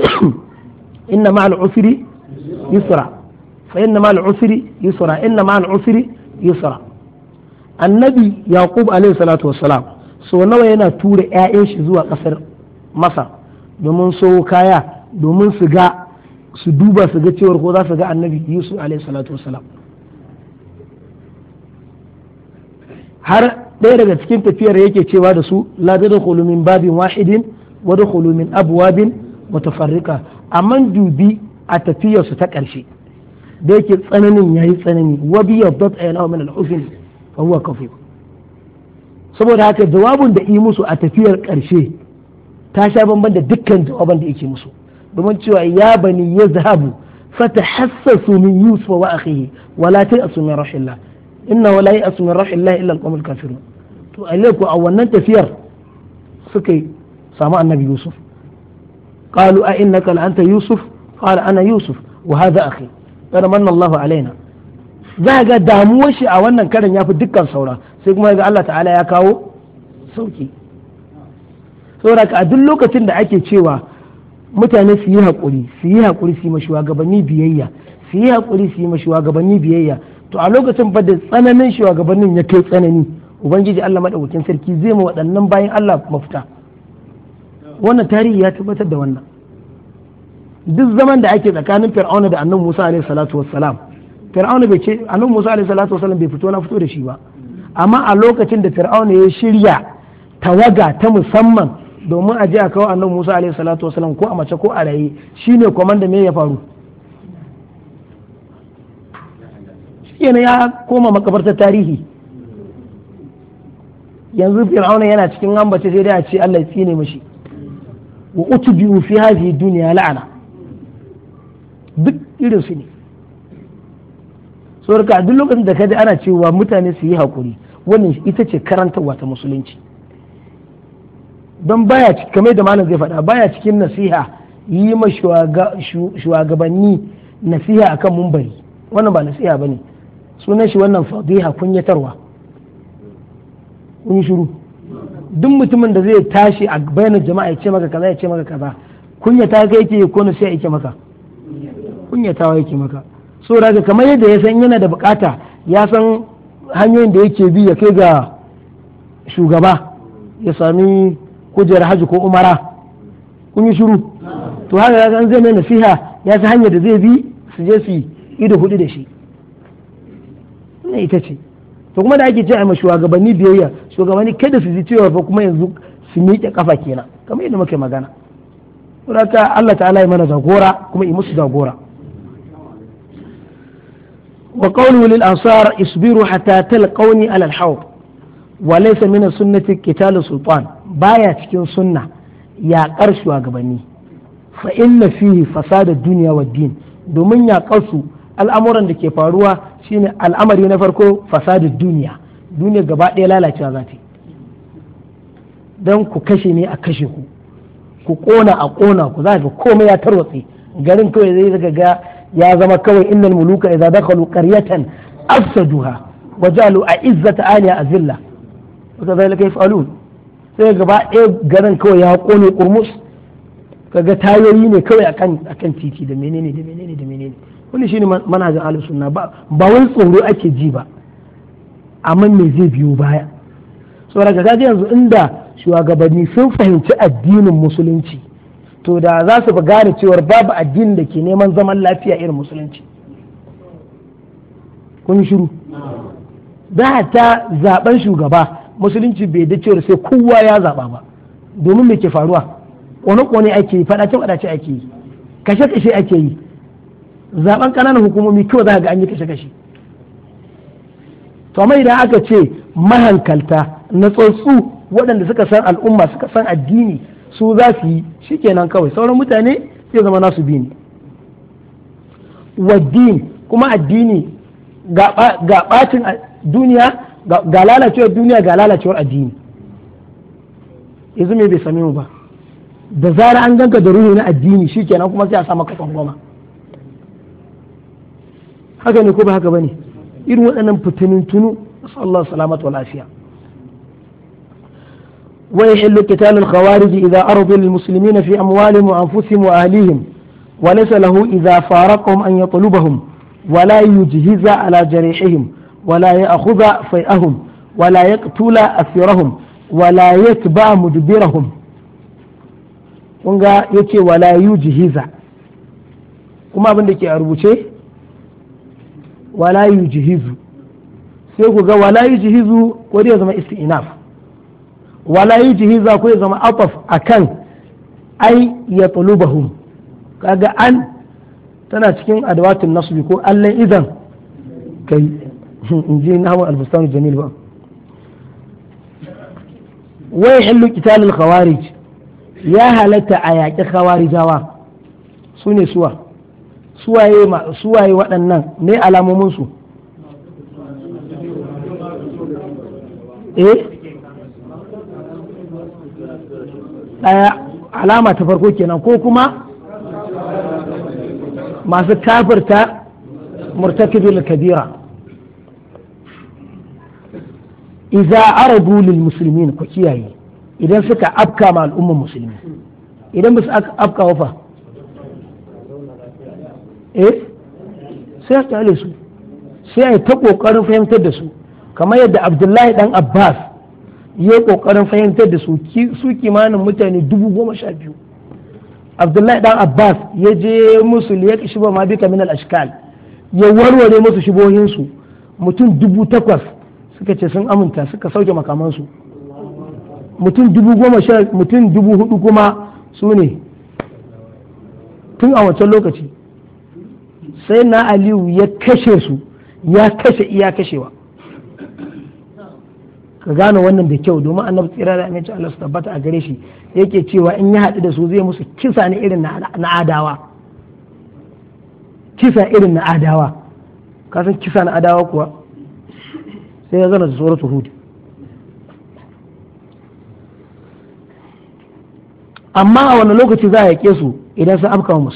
Speaker 1: inna ma'al usri yusra fa inna ma'al usri yusra inna ma'al usri yusra annabi yaqub alaihi salatu wassalam so nawa yana tura 'ya'yan shi zuwa kasar masa domin so kaya domin su ga su duba su ga cewar ko za su ga annabi yusuf alaihi salatu wasalam har ɗaya daga cikin tafiyar yake cewa da su la da min babin wahidin wa tadkhulu min abwabin mutafarrika amma dubi a tafiyarsu ta ƙarshe da yake tsananin yayi tsanani wa bi yaddat aynahu min al-huzn fa huwa kafir saboda haka jawabin da yi musu a tafiyar ƙarshe ta sha bamban da dukkan jawaban da yake musu domin cewa ya bani ya zahabu fatahassasu sumin yusuf wa akhihi wa la ta'asu min rahillah inna wa la ya'asu min rahillah illa al-qawmul kafirun to alaiku a wannan tafiyar suka samu annabi yusuf ƙalu a innaka la anta yusuf qala ana yusuf wa a akhi kada manna Allah alaina za ga damuwar shi a wannan karin yafi dukkan saura sai kuma ga Allah ta'ala ya kawo sauki saboda a duk lokacin da ake cewa mutane su yi haƙuri su yi haƙuri su yi ma shugabanni biyayya su yi haƙuri su yi ma shugabanni biyayya to a lokacin ba da tsananin shugabannin ya kai tsanani ubangiji Allah madaukakin sarki zai ma waɗannan bayan Allah mafita wannan tarihi ya tabbatar da wannan duk zaman da ake tsakanin fir'auna da annabi Musa alaihi salatu wassalam fir'auna bai ce annabi Musa alaihi salatu wassalam bai fito na fito da shi ba amma a lokacin da fir'auna ya shirya tawaga ta musamman domin a ji a kawo annabi Musa alaihi salatu salam ko a mace ko a raye shine komanda me ya faru shikenan ya koma makabartar tarihi yanzu fir'auna yana cikin ambace sai dai a ce Allah ya tsine mishi wa utbi'u fi hadhihi dunya la'ana duk irin su ne saboda duk lokacin da kaji ana cewa mutane su yi hakuri wannan ita ce karantarwa ta musulunci don baya kamar da malam zai faɗa baya cikin nasiha yi ma shugabanni nasiha akan mumbari wannan ba nasiha ba ne sunan shi wannan fadiha kunyatarwa kun shiru duk mutumin da zai tashi a bayanin jama'a ya ce maka kaza ya ce maka kaza kunyata ka yake ko nasiha yake maka kunyatawa yake maka so daga kamar yadda ya san yana da bukata ya san hanyoyin da yake bi ya kai ga shugaba ya sami kujerar hajji ko umara kun yi shiru to haka ya zai mai nasiha ya fi hanyar da zai bi su je su ido hudu da shi ne ita ce to kuma da ake ce a ma shugabanni biyayya shugabanni kada su ji cewa fa kuma yanzu su miƙe kafa kenan kamar yadda muke magana haka Allah ta'ala ya mana jagora kuma yi musu jagora wa qawlu lil ansar isbiru hatta talqawni ala al-hawd wa laysa min sunnati qitalu sultan baya cikin sunna ya yaƙar shugabanni fa inna fihi fasada duniya wa din domin ya su al'amuran da ke faruwa shine al'amari na farko fasada duniya duniya gaba ɗaya lalacewa za ta don ku kashe ne a kashe ku ku ƙona a ƙona ku za ga komai ya tarwatse garin kawai zai ga ya zama kawai innal muluka idza dakhalu qaryatan afsaduha wajalu a aliya azilla kadhalika yaf'alun sai gaba ɗaya garin kawai ya kone kurmus kaga tayoyi ne kawai akan titi da menene da menene da menene wani shine manajan ahlus ba wai wani tsoro ake ji ba amma me zai biyo baya saboda kaga yanzu inda shugabanni sun fahimci addinin musulunci to da za su fi gane cewar babu addinin da ke neman zaman lafiya irin musulunci kun shiru da ta zaben shugaba musulunci bai da cewar sai kowa ya zaɓa ba domin me ke faruwa kone-kone ake yi faɗace-faɗace ake yi kashe-kashe ake yi zaɓen ƙananan hukumomi kyau za ga an yi kashe-kashe to mai idan aka ce mahankalta na tsotsu waɗanda suka san al'umma suka san addini su za su yi shikenan kawai sauran mutane zai zama nasu bi ne kuma addini ga ɓacin duniya ga lalacewar duniya ga lalacewar addini yanzu bai same mu ba da zara an ganka da ruhu na addini Shi kenan kuma sai a sama kafan goma haka ne ko ba haka bane irin waɗannan fitinin tunu sallallahu alaihi salamat wa lafiya wa yahillu qitalu al-khawarij idha arad al-muslimina fi amwalihim wa anfusihim wa ahlihim wa laysa lahu idha farakum an yatlubahum wa la yujhiza ala jarihihim ولا يأخذ فيئهم ولا يقتل أسيرهم ولا يتبع مدبرهم kunga ya ce wala yujhiza kuma abin da ke a rubuce wala yujhizu sai ku ga wala jihizu ko ya zama isti'naf wala jihiza ko ya zama afaf akan ai ya tulubahum kaga an tana cikin adawatun nasbi ko allan idan kai in ji nahwa al-bustanu jamil ba wa yahillu qitalul ya halatta a yaƙi khawarijawa su ne suwa suwaye waɗannan ne alamomin su eh alama ta farko kenan ko kuma masu kafirta murtakibul kabira Iza arabu lil muslimin ku kiyaye idan suka afka ma al'ummar musulmi idan ba su afka wafa eh sai ta ale su sai ta kokarin fahimtar da su kamar yadda abdullahi dan abbas ya yi kokarin fahimtar da su su kimanin mutane dubu goma sha biyu abdullahi dan abbas ya je musu ya shiba ma bika min al ya warware musu su mutum dubu takwas suka ce sun aminta suka sauke makamansu mutum dubu goma sha mutum dubu hudu kuma su ne tun a wancan lokaci sai na aliyu ya kashe su ya kashe iya kashewa ka gane wannan da kyau domin annabi tsira da amince Allah su tabbata a gare shi yake cewa in ya haɗu da su zai musu kisa ne irin na adawa kisa irin na adawa kasan kisa na adawa kuwa sai ya zana da suratul hud amma a wani lokaci za a yake su idan sun afkawa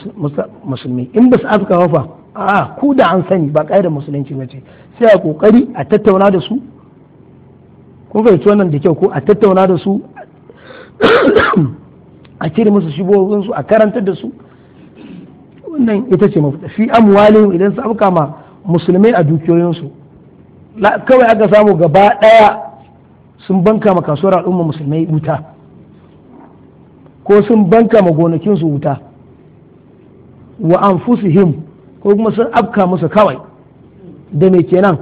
Speaker 1: musulmi in ba su afkawa fa a ku da an sani ba da musulunci ba ce sai a kokari a tattauna da su kun fahimci wannan da kyau ko a tattauna da su a cire musu shigoginsu a karantar da su wannan ita ce mafita fi amwalihim idan su afka ma musulmai a dukiyoyinsu kawai aka samu gaba ɗaya sun banka ma kasuwar al'umma musulmai wuta ko sun banka ma gonakinsu wuta wa an him ko kuma sun afka musu kawai da mai kenan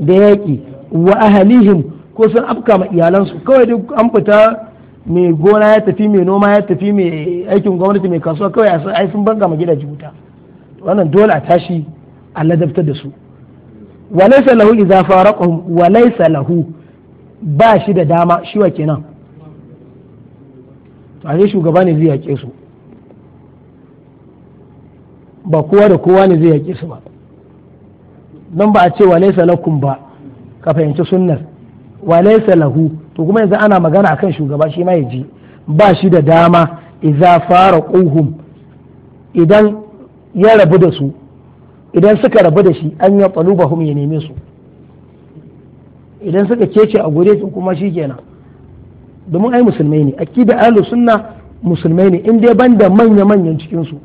Speaker 1: da yaƙi wa ahalihim ko sun afka ma iyalansu kawai duk an fita mai gona ya tafi mai noma ya tafi mai aikin gwamnati mai kasuwa kawai ai sun banka ma gidaje wuta wannan dole a tashi a ladabtar da su walaysa lahu idza faraqahum walaysa lahu ba shi da dama shi wa kenan to ashe shugaba ne zai yake su ba kowa da kowa ne zai yake su ba don ba a ce walaysa lakum ba ka fahimci sunnar walaysa lahu to kuma yanzu ana magana kan shugaba shi ma ya ji ba shi da dama idza faraqahum idan ya rabu da su idan suka rabu da shi an yi talubahum ya neme su idan suka kece a gure su kuma shi kenan domin ai musulmai ne akida ahlus sunna musulmai ne in dai da manya manyan cikinsu su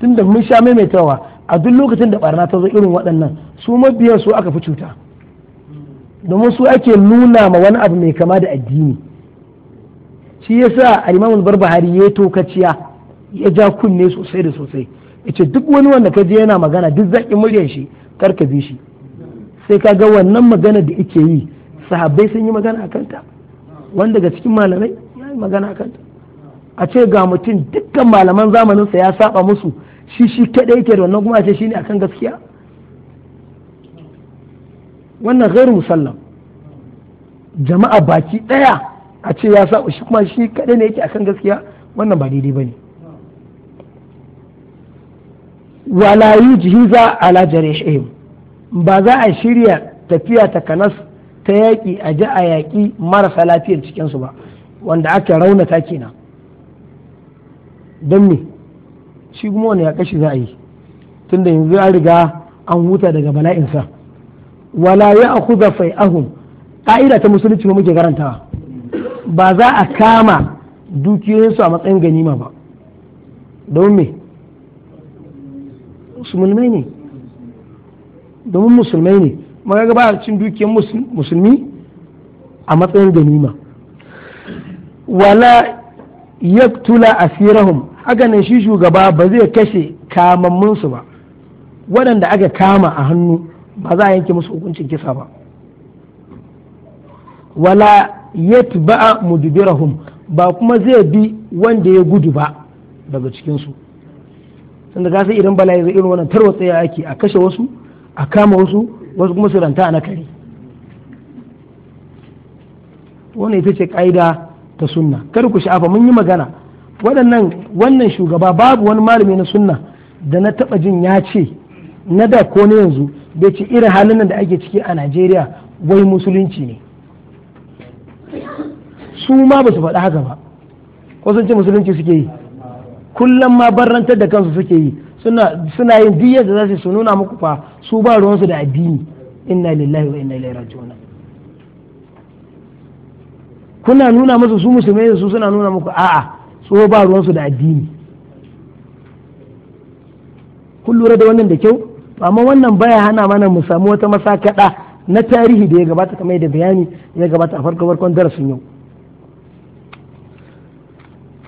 Speaker 1: tunda mun sha maimaitawa a duk lokacin da barna ta zo irin waɗannan su mabiyan su aka fi cuta domin su ake nuna ma wani abu mai kama da addini shi yasa al-imam barbahari ya tokaciya ya ja kunne sosai da sosai yace duk wani wanda ka je yana magana duk zaki muryar shi kar ka bi shi sai ka ga wannan magana da yake yi sahabbai sun yi magana akan ta wanda daga cikin malamai ya yi magana akan ta a ce ga mutum dukkan malaman zamanin sa ya saba musu shi shi kadai yake da wannan kuma a ce shine akan gaskiya wannan ghairu musallam jama'a baki daya a ce ya saba shi kuma shi kadai ne yake akan gaskiya wannan ba daidai bane wala jihiza ala jarihim ba za a shirya tafiya ta kanas ta yaƙi a ji a yaƙi marasa lafiyar cikinsu ba wanda aka raunata kenan don me shi kuma wani ya kashe za a yi tunda yanzu an riga an huta daga bala'insa wala ya akhudha ahun ƙa'ida ta musulunci ma muke karantawa ba za a kama dukiyoyinsu a matsayin ganima ba don me musulmai ne domin musulmai ne magaga ba cin dukiyar musulmi a matsayin ganima wala a asirahum haka nan shi shugaba ba zai kashe kamamminsu ba waɗanda aka kama a hannu ba za a yanke musu hukuncin kisa ba wala yatba'a mudbirahum ba kuma zai bi wanda ya gudu ba daga cikinsu tunda ka san idan bala'i zai irin wannan tarwatsa ya ake a kashe wasu a kama wasu wasu kuma su ranta na kare wannan ita ce ƙa'ida ta sunna kar ku sha'afa mun yi magana waɗannan wannan shugaba babu wani malami na sunna da na taɓa jin ya ce na da ko na yanzu bai ce irin halin nan da ake ciki a Najeriya wai musulunci ne su ma ba su faɗi haka ba ko sun musulunci suke yi kullum ma barrantar da kansu suke yi suna yin diyar da za su nuna muku fa su ba ruwansu da addini inna lillahi wa inna ilaihi raji'un kuna nuna musu su musulmai su suna nuna muku a'a su ba ruwansu da addini kun lura da wannan da kyau amma wannan baya hana mana mu samu wata masakada na tarihi da ya gabata kamar yadda bayani ya gabata a farko farkon darasin yau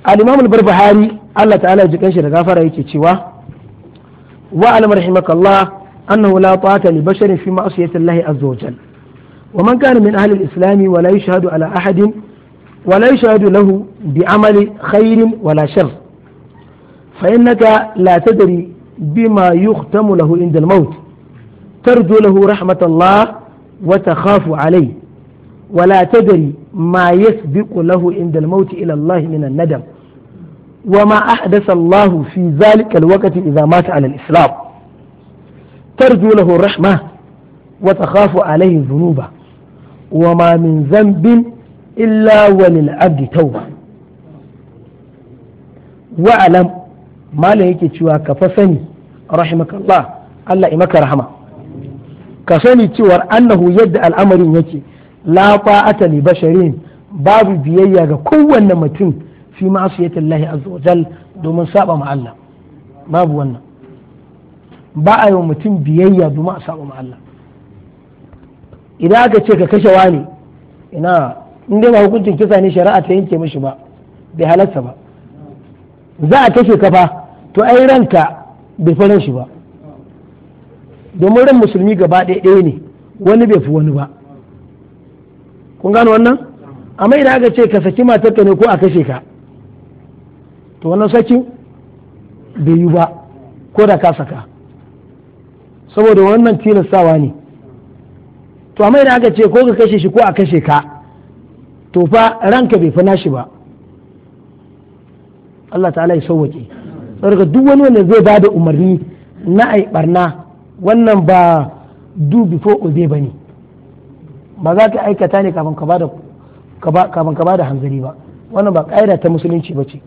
Speaker 1: al-imam al-barbahari Allah ta'ala ji kanshi da gafara yake cewa wa an rahimakallah annahu la ta'ata li basharin fi ma'siyati Allah azza wa jalla wa man kana min ahli al-islam wa la yashhadu ala ahadin wa la yashhadu lahu bi amali khairin wa la sharr fa innaka la tadri bima yukhtamu lahu inda al-maut tarju lahu rahmatallah wa takhafu alayhi ولا تدري ما يسبق له عند الموت إلى الله nadam. وما أحدث الله في ذلك الوقت إذا مات على الإسلام ترجو له الرحمة وتخاف عليه الذنوب وما من ذنب إلا وللعبد توبة wa'alam malam yake cewa ka fa sani Allah maka rahama ka sani cewar annahu yadda al'amarin yake Lafa atali li babu biyayya ga kowanne mutum fi ma'asiyatin lahi azza domin saba ma Allah babu wannan ba a yi wa mutum biyayya domin a saba ma Allah idan aka ce ka kashe wani ina in dama hukuncin kisa ne shari'a ta yanke mishi ba bai halarta ba za a kashe ka fa to ai ranka bai faran shi ba domin ran musulmi gaba ɗaya ne wani bai fi wani ba kun gano wannan amma idan aka ce ka saki matarka ne ko a kashe ka to wannan sakin bai yi ba ko da ka saka saboda wannan tilastawa ne to amma idan aka ce ko ka kashe shi ko a kashe ka to fa ranka bai fi nashi ba Allah ta'ala ya sauwake daga duk wani wanda zai ba da umarni na ai barna wannan ba du before obe ba ne ba za ka aikata ne kafin ka ba da hanzari ba wannan ba ƙa'ida ta musulunci ba ce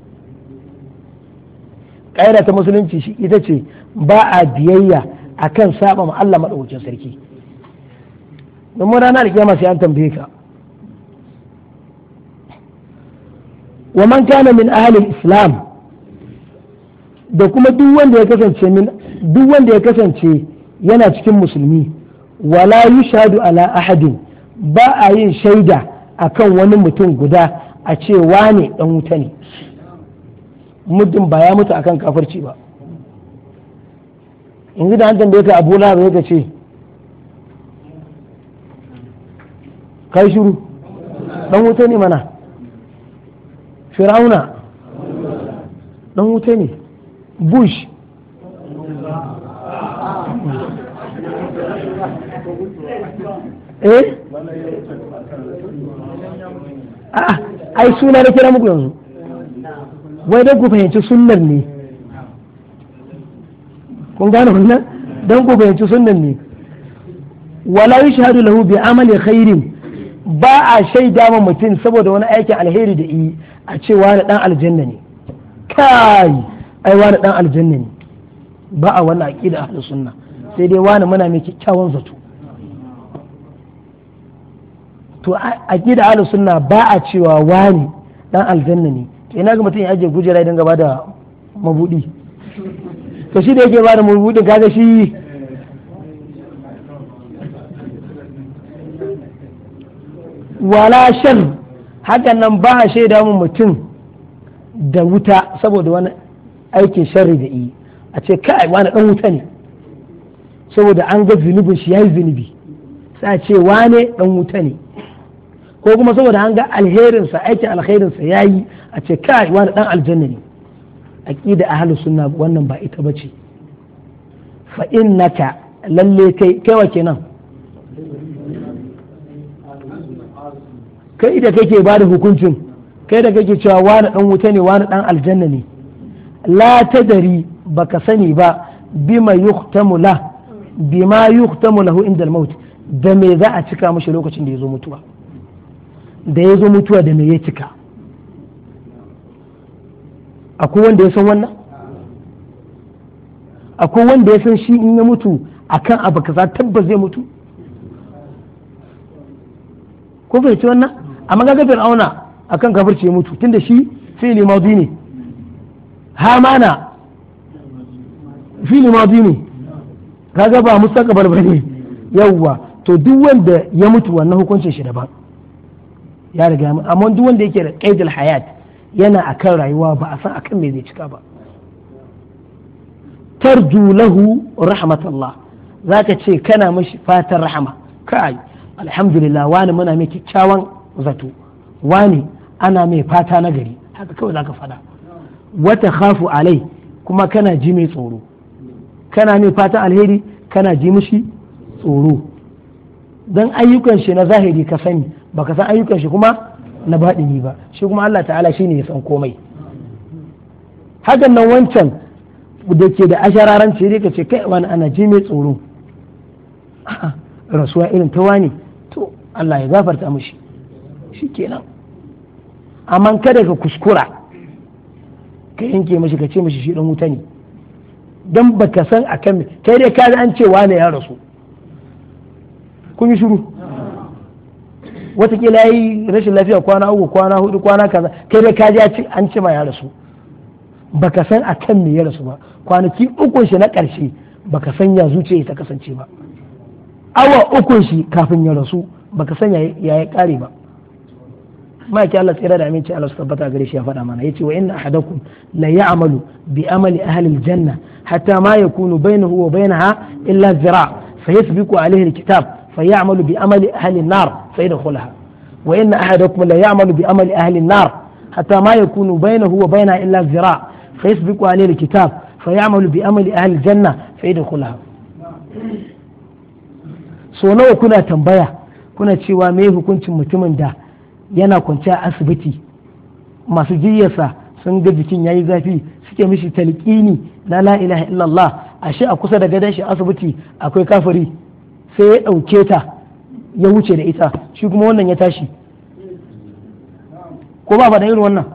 Speaker 1: Ƙaira ta musulunci shi ita ce ba a biyayya akan saba ma Allah maɗaukacin sarki domin ranar alkiyama sai an tambaye ka wa man kana min ahli islam da kuma duk wanda ya kasance yana cikin musulmi wala yushhadu ala ahadin ba a yin shaida akan wani mutum guda a ce wane dan wuta ne muddin ba ya mutu akan kafirci ba in da an tambaye ta abu lahab ya ce kai shiru dan wuta ne mana firauna dan wuta ne bush eh
Speaker 2: ai suna da kira muku yanzu
Speaker 1: wai don ku fahimci sunnar ne kun gane wannan don ku fahimci sunnar ne wala shahadu lahu bi amali khairin ba a shaida ma mutum saboda wani aikin alheri da yi a ce wani dan aljanna ne kai ai wani dan aljanna ne ba a wannan aqida ahlus sunna sai dai wani muna mai kyakkyawan zato to aqida ahlus sunna ba a cewa wani dan aljanna ne ina eh, ga mutum ya ajiye gujera idan gaba da mabuɗi to shi da yake ba da mabuɗi kaga shi wala hakan nan ba a shaida mu mutum da wuta saboda wani aikin sharri da yi a ce kai wani dan wuta ne saboda an ga zunubin shi ya yi zunubi sai a ce wane dan wuta ne ko kuma saboda an ga alherinsa aikin alherinsa ya yi a ce kai wani dan aljanna ne aqida ahlus sunna wannan ba ita bace fa innaka lalle kai kai wa kenan kai da kake ba da hukuncin kai da kake cewa wani dan wuta ne wani dan aljanna ne la ba baka sani ba bima yuktamula la bima yuhtamu lahu inda da me za a cika mashi lokacin da ya zo mutuwa da ya zo mutuwa da me ya cika akwai wanda ya san wannan akwai wanda ya san shi in ya mutu akan abu kaza tabbas zai mutu ko fahimci wannan amma ga gafir auna akan kafirci ya mutu tunda shi fili madi ne hamana fili madi ne kaga ba mustaqbal bane yawwa to duk wanda ya mutu wannan hukuncin shi daban ya riga amma duk wanda yake da qaidul hayat yana akan rayuwa ba a san akan me zai cika ba tarju lahu rahmatullah zaka ce kana mashi fatan rahama kai alhamdulillah wani muna mai kyakkyawan zato wani ana mai fata na gari haka kawai zaka fada wata khafu alai kuma kana ji mai tsoro kana mai fatan alheri kana ji mishi tsoro dan ayyukan shi na zahiri ka sani baka san ayyukan shi kuma na baɗini ba shi kuma Allah ta'ala shi ne ya san komai hakan nan wancan da ke da ashararan ne ka ce kai wani ana ji mai tsoro rasuwa irin ta wani to Allah ya gafarta mushi shi kenan amma kada ka kuskura ka yanke mashi ka ce mashi shi dan wuta ne dan baka san akan kai dai ka an ce wani ya rasu kun yi shiru watakila yi rashin lafiya kwana uku kwana hudu kwana kaza kai dai ka ji an ci ma ya rasu baka san a kan me ya rasu ba kwanaki ukun shi na ƙarshe baka san ya zuciya ta kasance ba awa ukun shi kafin ya rasu baka san ya ya kare ba maki Allah tsira da aminci Allah su tabbata gare shi ya faɗa mana yace wa inna ahadakum la ya'malu bi amali ahli aljanna hatta ma yakunu bainahu wa bainaha illa zira' fayasbiqu alayhi alkitab فيعمل بعمل أهل النار فيدخلها وإن أحدكم لا يعمل بعمل أهل النار حتى ما يكون بينه وبينها إلا ذراع فيسبق عليه الكتاب فيعمل بعمل أهل الجنة فيدخلها so nawa kuna tambaya kuna cewa mai hukuncin mutumin da yana kwance a asibiti masu jiyyarsa sun ga jikin yayi zafi suke mishi talqini na la ilaha illallah ashe a kusa da gadon shi asibiti akwai kafiri sai ya ɗauke ta ya wuce da ita shi kuma wannan ya tashi ko ba faɗa irin wannan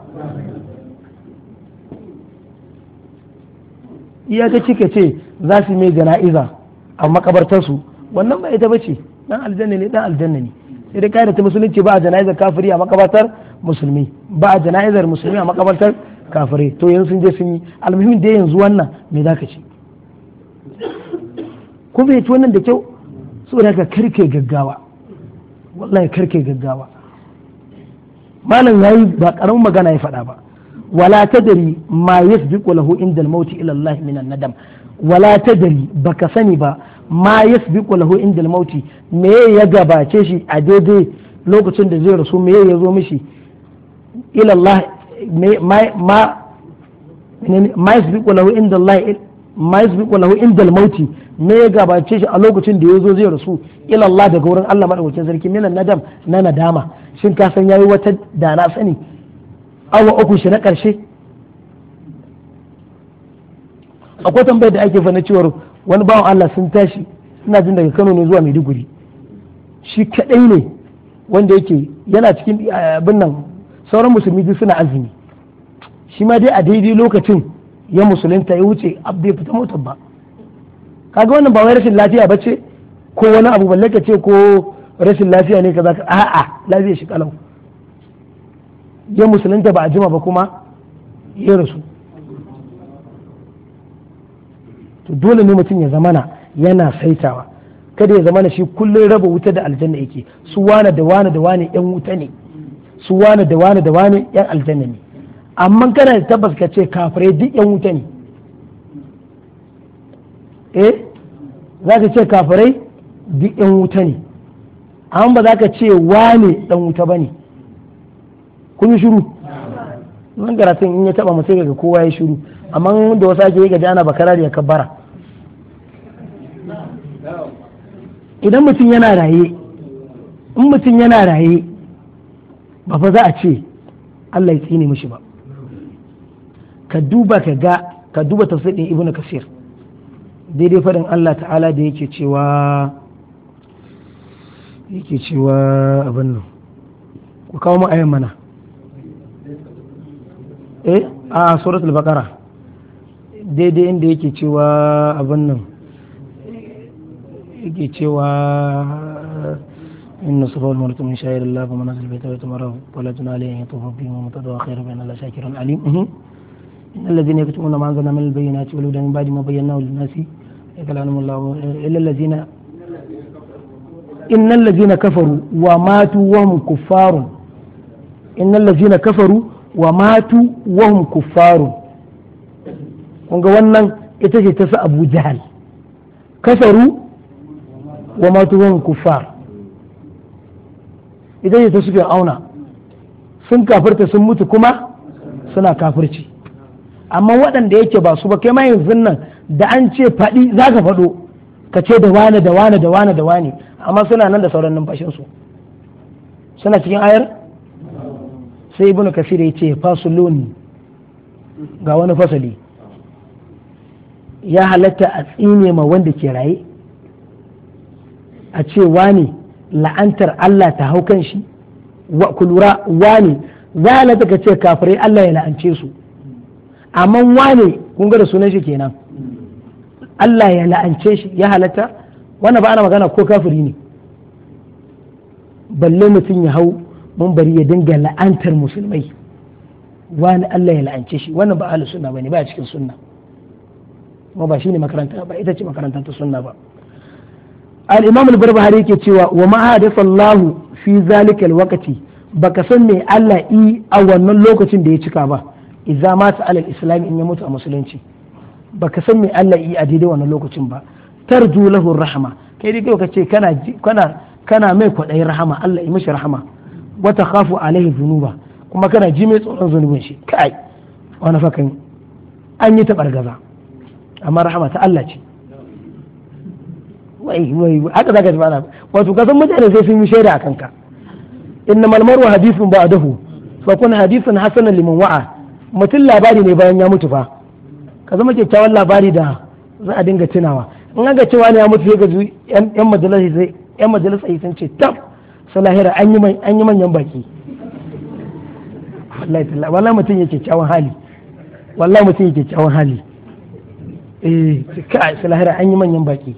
Speaker 1: iyakaci ka ce za su mai jana'iza a makabartarsu wannan ba ita ba ce dan aljanna ne dan aljanna ne sai dai kaida ta musulunci ba a jana'izar kafiri a makabartar musulmi ba a jana'izar musulmi a makabartar kafiri to yanzu sun je sun yi almuhim dai yanzu wannan me zaka ce ko bai ci wannan da kyau saboda ka karke gaggawa wallahi karke gaggawa malam yayi ba karamin magana ya faɗa ba wala tadri ma yasbiqu lahu inda al-maut ila Allah min an-nadam wala tadri baka sani ba ma yasbiqu lahu inda al-maut me ya gabace shi a daidai lokacin da zai rasu me ya zo mishi ila Allah ma ma ma yasbiqu lahu inda Allah ma yasbiqu lahu indal mauti me ya gabace shi a lokacin da ya zo zai rasu ila Allah daga wurin Allah madaukakin sarki minan nadam na nadama shin ka san yayi wata da na sani awa uku shi na karshe akwai tambayar da ake fana cewar wani bawan Allah sun tashi suna jin daga Kano ne zuwa Maiduguri shi kadai ne wanda yake yana cikin eh, abin nan sauran musulmi duk suna azumi shi ma dai a daidai lokacin ya musulunta ya wuce bai fita motar ba kaga wannan ba wai rashin lafiya ba ce ko wani abu ballaka ce ko rashin lafiya ne ka kaza a'a lafiya shi kalau ya musulunta ba a jima ba kuma ya rasu to dole ne mutum ya zamana yana saitawa kada ya zamana shi kullum raba wuta da aljanna yake su wane da wane da wane yan wuta ne su wane da wane da wane yan aljanna ne amma kana da tabbas ka ce kafirai duk yan wuta ne eh za ka ce kafirai duk yan wuta ne amma ba za ka ce wane dan wuta ba ne kun yi shiru nan karatun in ya taba mu sai ga kowa ya shiru amma da wasu ake yi gaji ana bakara da ya kabbara idan mutum yana raye in mutum yana raye ba fa za a ce Allah ya tsine mishi ba ka duba ka ga ka duba tafsir din ibnu kasir daidai fadin Allah ta'ala da yake cewa yake cewa abin nan ku kawo mu ayan mana eh a suratul baqara daidai inda yake cewa abin nan yake cewa إن صفا المرأة من شاعر الله فمن أهل بيته ويتمره ولا جنى أن يطوف بهم ومن خير بين الله شاكر عليم إن الذين يكتمون ما أنزلنا من البينات والهدى من بعد ما بيناه للناس يكلمهم الله إلا الذين إن الذين كفروا وماتوا وهم كفار إن الذين كفروا وماتوا وهم كفار kunga wannan ita ce ta su abu jahal kafaru wa matuwan kuffar ita ce ta su auna sun kafirta sun mutu kuma suna kafirci amma waɗanda yake ba su ba kai ma yanzu nan da an ce faɗi za ka faɗo ka ce da wane da wane da wane da wane amma suna nan da sauran numfashin su suna cikin ayar sai ibnu kasir ya ce fasulun ga wani fasali ya halatta a tsine ma wanda ke raye a ce wane la'antar Allah ta hau kan shi wa kulura wane za a ce kafirai Allah ya la'ance su amma wane kun ga da sunan shi kenan Allah ya la'ance shi ya halatta wannan ba ana magana ko kafiri ne balle mutum ya hau mun bari ya dinga la'antar musulmai wani Allah ya la'ance shi wannan ba ahlus sunna bane ba cikin sunna kuma ba shine makaranta ba ita ce makarantar ta sunna ba al-imam al-barbahari yake cewa wa ma hadathallahu fi zalika al-waqti baka san me Allah yi a wannan lokacin da ya cika ba idza mata alal islam in ya mutu a musulunci baka san me Allah yi a daidai wannan lokacin ba tarju lahu rahama kai dai ka ce kana kana kana mai kwaɗayin rahama Allah yi mishi rahama wata khafu alaihi zunuba kuma kana ji mai tsoron zunubin shi kai wani fakan an yi taɓar gaza amma rahama ta Allah ce wai wai haka zaka ji ba wato ka san mutane sai sun yi shaida akan ka innamal marwa hadithun ba'dahu fa kun hadithun hasanan liman wa'a mutum labari ne bayan ya mutu fa ka zama kyakkyawan labari da za a dinga tunawa in an ga cewa ne ya mutu sai ga yan majalisa yan majalisa sun ce tab salahira an yi an yi manyan baki wallahi wallahi mutum yake kyakkyawan hali wallahi mutum yake kyakkyawan hali eh kai lahira an yi manyan baki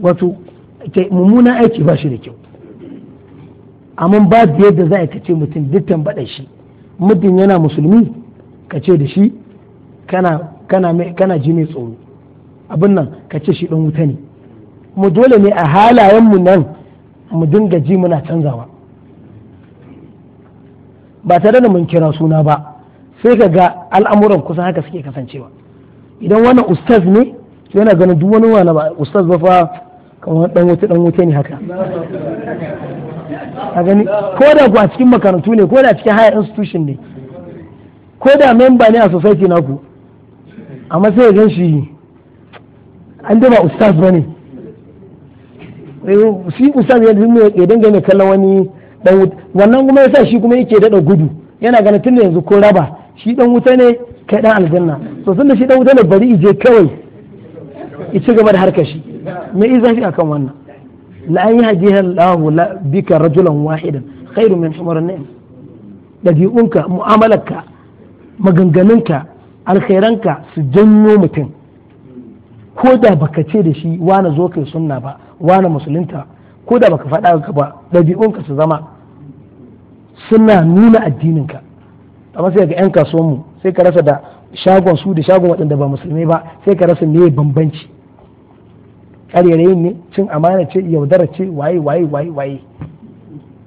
Speaker 1: wato mummuna aiki ba shi da kyau amma babu yadda za ka ce mutum duk tambaɗa shi mutum yana musulmi ka ce da shi kana kana ji mai tsoro abin nan ka ce shi ɗan wuta ne mu dole ne a halayenmu nan mu dinga ji muna canzawa ba tare da mun kira suna ba sai ka ga al'amuran kusan haka suke kasancewa idan wannan ustaz ne yana ganin duk wani wani ba ustaz ba fa kamar dan wuce dan wuce ne haka
Speaker 2: a gani ko da ku a cikin
Speaker 1: makarantu ne ko da cikin higher institution ne ko da memba ne a society ku amma sai gan shi an da ba ustaz bane eh, shi ustaz ya dinga ya dinga ne kallon wani dan wuta wannan kuma yasa shi kuma yake dada gudu yana ganin tun da yanzu ko raba shi dan wuta ne kai dan aljanna to sun da shi dan wuta ne bari ije kawai ya ci gaba da harkar shi me iza shi akan wannan la an yi hadiha bika rajulan wahidan khairu min humar ni'am dabi'unka mu'amalarka maganganunka alkhairanka su janyo mutum ko da baka ce da shi wani zo kai sunna ba wani musulunta ko da baka faɗa ka ba dabi'unka su zama suna nuna addininka amma sai ga 'yan kasuwanmu sai ka rasa da shagon su da shagon waɗanda ba musulmai ba sai ka rasa meye bambanci ƙarerayi ne cin amana ce yaudara ce waye waye waye waye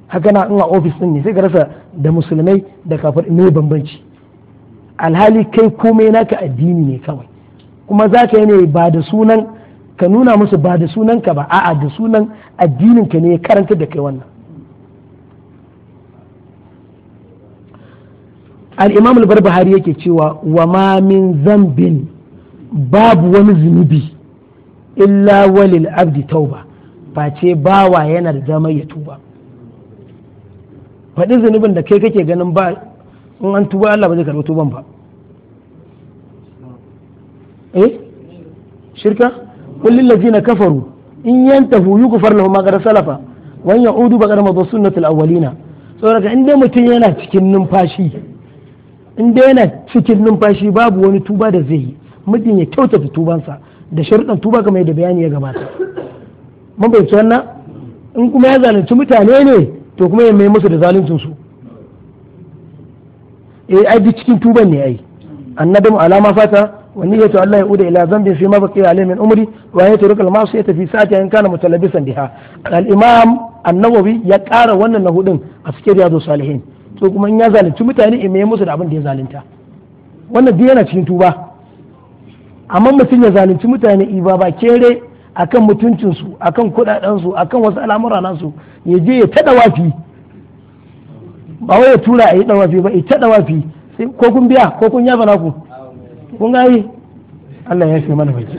Speaker 1: haka na in a ofis din ne sai ka rasa da musulmai da kafir ne bambanci alhali kai komai naka addini ne kawai kuma za ka yi ne ba da sunan ka nuna musu ba da sunan ka ba a'a da sunan addinin ka ne karanta da kai wannan al-imam al-barbahari yake cewa wa ma min zambin babu wani zunubi illa walil abdi tauba face bawa yana da damar ya tuba faɗin zunubin da kai kake ganin ba in an tuba Allah ba zai karɓi tuban ba eh shirka kullin lazina kafaru in yantahu yughfar lahum ma qad salafa wa in ya'udu ba qad madu sunnatul awwalina saboda in dai mutum yana cikin numfashi in yana cikin numfashi babu wani tuba da zai yi mutum ya kyautata tubansa da sharuɗan tuba kamar yadda bayani ya gabata mun bai wannan in kuma ya zalunci mutane ne to kuma ya mai musu da zaluncin su eh ai duk cikin tuban ne ai mu alama fata ya to Allah ya uda ila zambi fi ma baqiya alayhi min umri wa ya turka al ya fi sa'ati in kana mutalabisan biha al imam an ya kara wannan nahudin a cikin riyadu salihin to kuma in ya zalunci mutane in mai musu da abin da ya zalunta wannan duk yana cikin tuba amma mutum ya zalunci mutane iba ba kere akan mutuncinsu akan kudadensu akan wasu al'amura nasu ya je ya tada wafi ba wai ya tura a yi wafi ba ya tada wafi ko kun biya ko kun yaba naku kun gani yi Allah ya fi mana baki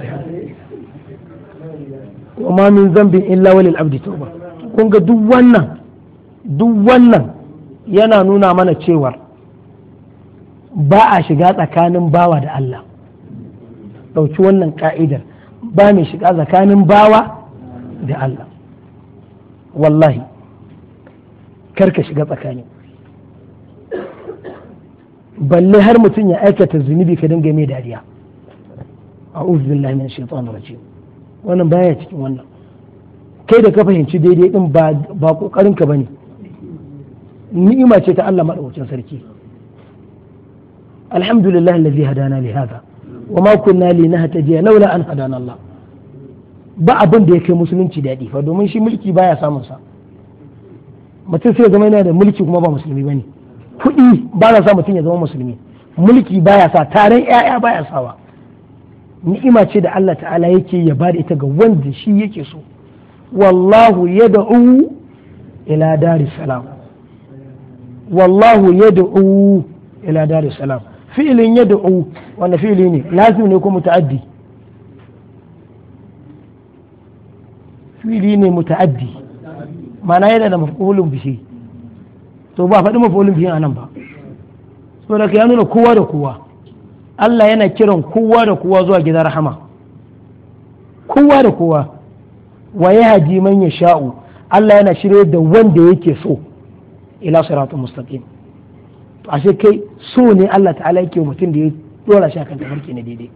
Speaker 1: wa ma min zambin illa walil abdi tauba kun ga duk wannan duk wannan yana nuna mana cewar ba a shiga tsakanin bawa da Allah ɗauki wannan ka'idar ba mai shiga tsakanin bawa da Allah wallahi karka shiga tsakani balle har mutum ya aikata zunubi ka dinga mai dariya a'udhu billahi min shaitanir rajim wannan baya cikin wannan kai da ka fahimci daidai din ba kokarin ba bane ni'ima ce ta Allah madaukakin sarki alhamdulillah allazi hadana li hadha wa ma kunna linahtadiya laula an hadana Allah ba abin da ya kai musulunci daɗi fa domin shi mulki baya samun sa mutum sai zama yana da mulki kuma ba musulmi bane kuɗi ba sa mutum ya zama musulmi mulki baya sa taron ƴaƴa baya sawa ni'ima ce da Allah ta'ala yake ya bada ita ga wanda shi yake so wallahu yad'u ila daris salam wallahu yad'u ila daris salam fi'ilin yad'u wanda fi'ili ne lazim ne ko muta'addi fi'ili ne muta'addi ma'ana yana da maf'ulun bihi to ba faɗi maf'ulun a nan ba saboda ya nuna kowa da kowa Allah yana kiran kowa da kowa zuwa gidan rahama kowa da kowa wa ya yahdi man sha'u Allah yana shirye da wanda yake so ila siratul mustaqim to ashe kai so ne Allah ta'ala yake mutum da ya dora shi akan tafarki na daidai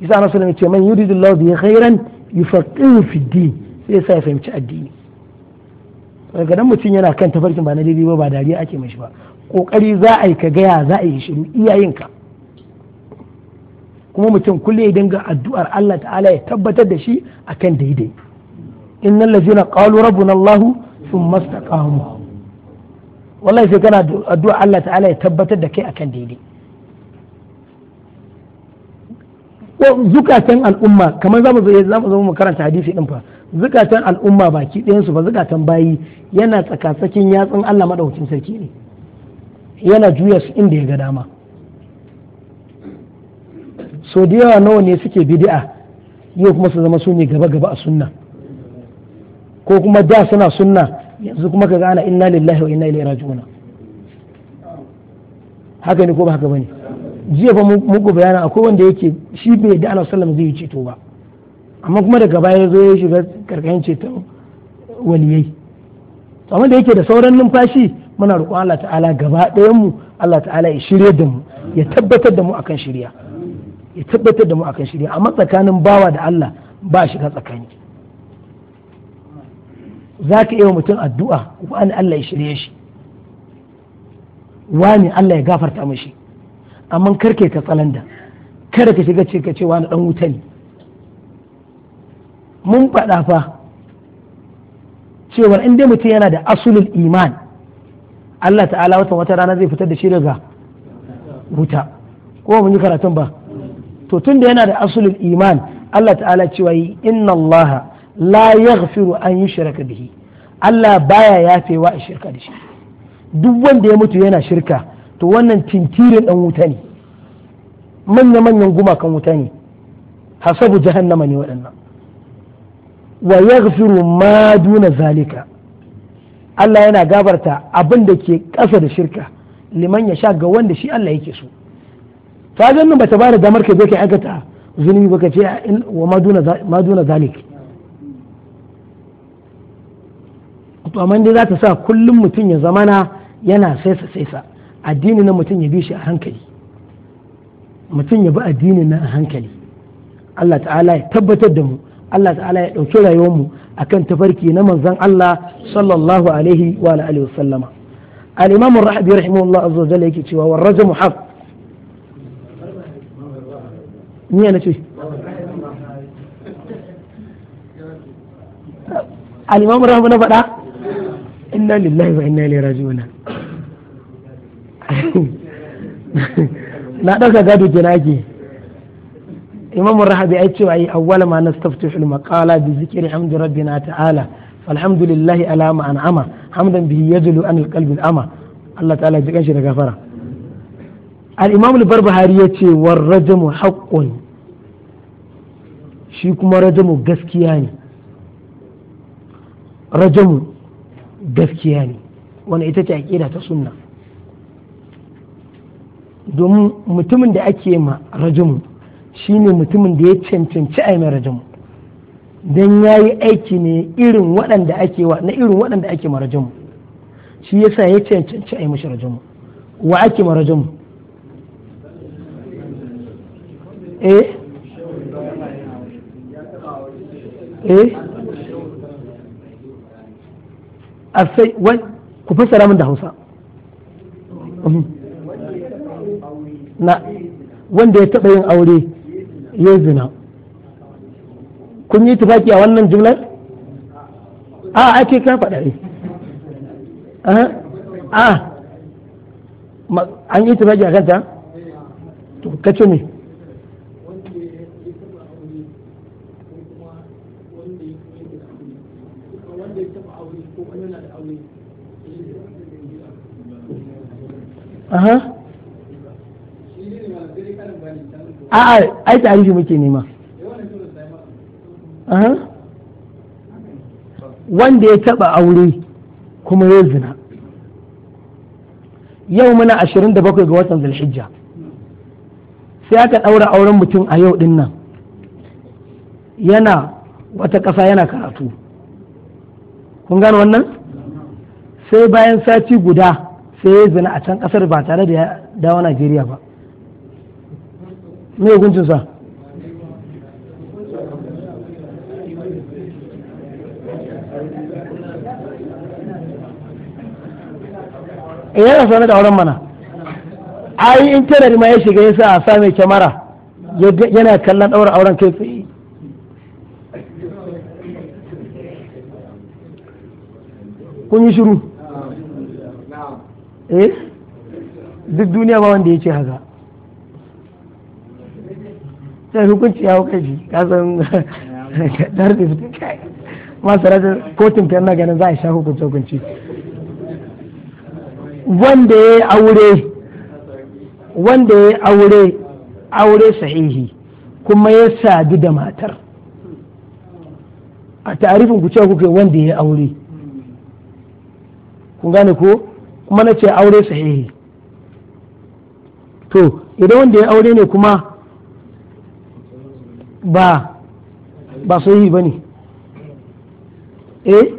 Speaker 1: isa ana sunan ce man yuridu Allah bi khairan yufaqihu fi din sai sa ya fahimci addini daga nan mutum yana kan tafarkin ba na daidai ba ba dariya ake mashi ba kokari za a yi ka gaya za a yi shiru ka kuma mutum kullum ya dinga addu'ar Allah ta'ala ya tabbatar da shi akan daidai innal ladzina qalu rabbuna Allah thumma istaqamu wallahi sai kana addu'a Allah ta'ala ya tabbatar da kai akan daidai zukatan al'umma kamar zamu zo zamu zo mu karanta hadisi din fa zukatan al'umma baki ɗayan su ba zukatan bayi yana tsakatsakin yatsun Allah madaukakin sarki ne yana juya su inda ya ga dama so da yawa nawa ne suke bid'a yau kuma su zama su ne gaba gaba a sunna ko kuma da suna sunna yanzu kuma ka gana inna lillahi wa inna ilaihi raji'un haka ne ko ba haka bane jiya ba muku bayana akwai wanda yake shi bai da Allah wasallam zai ceto ba amma kuma daga baya zo ya shiga karkashin ceton waliyai to amma da yake da sauran numfashi muna roƙon Allah ta'ala gaba ɗayan mu Allah ta'ala ya shirye da mu ya tabbatar da mu akan shirya ya tabbatar da mu akan shirya amma tsakanin bawa da Allah ba shiga tsakani za ka iya mutum addu'a wani Allah ya shirye shi wani Allah ya gafarta mashi amma karke ka tsalanda kada ka shiga cika cewa na ɗan wuta ne mun faɗa fa cewar inda mutum yana da asulul iman Allah ta'ala wata wata rana zai fitar da shi daga wuta ko mun yi karatun ba to tun da yana da asulul iman Allah ta'ala cewa inna Allah la yaghfiru an yushraka bihi Allah baya yafewa a shirka da shi duk wanda ya mutu yana shirka to wannan tintirin dan wuta ne manya manyan gumakan wuta ne hasabu jahannama ne waɗannan wa ya ma duna zalika Allah yana gabarta abin da ke ƙasa da shirka liman ya sha ga wanda shi Allah yake so to ga nan bata bada damar ka je ka aikata zunubi baka ce wa ma duna to amma dai za ta sa kullum mutum ya zamana yana saisa saisa addini na mutum ya bi shi a hankali mutum ya bi addini na a hankali Allah ta'ala ya tabbatar da mu Allah ta'ala ya ɗauki rayuwar mu akan tafarki na manzon Allah sallallahu alaihi wa alihi wasallama al-imam ar-rahabi rahimahullah azza wa jalla yake cewa war rajmu haq ni ana ce al-imam ar-rahabi na faɗa inna lillahi wa inna ilaihi raji'un na ɗauka gado kenan ake imam rahabi ai cewa ai awwala ma nastaftihu al-maqala bi zikri hamdi rabbina ta'ala falhamdulillahi ala ma an'ama hamdan bihi yajlu an al-qalbi al-ama Allah ta'ala ya jikan shi da gafara al-imam al-barbahari yace war rajamu haqqun shi kuma rajamu gaskiya ne rajamu. gaskiya ne wani ita ce aƙida ta sunna domin mutumin da ake ma rajimu shine mutumin da ya cancanci a mai rajimu don ya yi aiki ne irin waɗanda ake wa na irin waɗanda ake ma rajimu shi ya sa ya cancanci a yi mashi rajimu wa ake ma rajimu eh eh asai wai ku fassara min da Hausa mhm. na wanda ya taɓa yin aure ya zina kun yi tufaki a wannan jumlar a ake ka faɗa ne a an yi tufaki a kanta Ka ce me aha
Speaker 2: a'a ai ta
Speaker 1: arifi muke nema wanda ya taba aure kuma ya zina yau muna 27 ga watan zulhijja sai aka ɗaura auren mutum a yau din nan yana wata ƙasa yana karatu kun gano wannan sai bayan sati guda sai ya zina a can kasar ba tare da ya dawo Najeriya ba me hukuncin sa yana rasa da auren mana ai in tarar ma ya shiga ya sa a sa mai kyamara yana kallon ɗaura auren kai tsaye kun yi shiru eh duk duniya ba wanda ya ce haka sai hukunci ya hukai shi ka san dar da fitin kai masu rajin kotun fiye na ganin za a sha hukunci hukunci wanda ya aure wanda ya aure aure sahihi kuma ya sadu da matar a tarifin ku ce kuke wanda ya aure kun gane ko kuma na ce aure sahihi to idan wanda ya aure ne kuma ba ba sahihi ba ne eh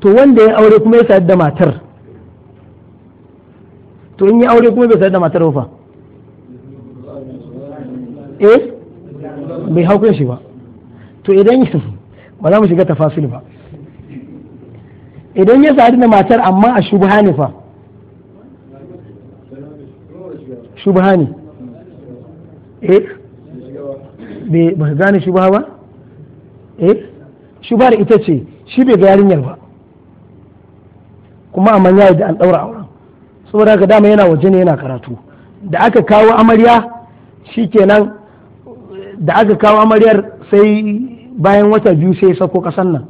Speaker 1: to wanda ya aure kuma ya sayar da matar to in ya aure kuma bai sayar da matar ba eh bai hau shi ba to idan ba za mu shiga tafasil ba idan ya sadu da matar amma a shubhani fa shubhani
Speaker 2: eh
Speaker 1: ba gane shubha ba eh shubhar ita ce shi bai ga yarinyar ba kuma amma yayi da an daura auren saboda haka dama yana waje ne yana karatu da aka kawo amarya shikenan da aka kawo amaryar sai bayan wata biyu sai sako kasan nan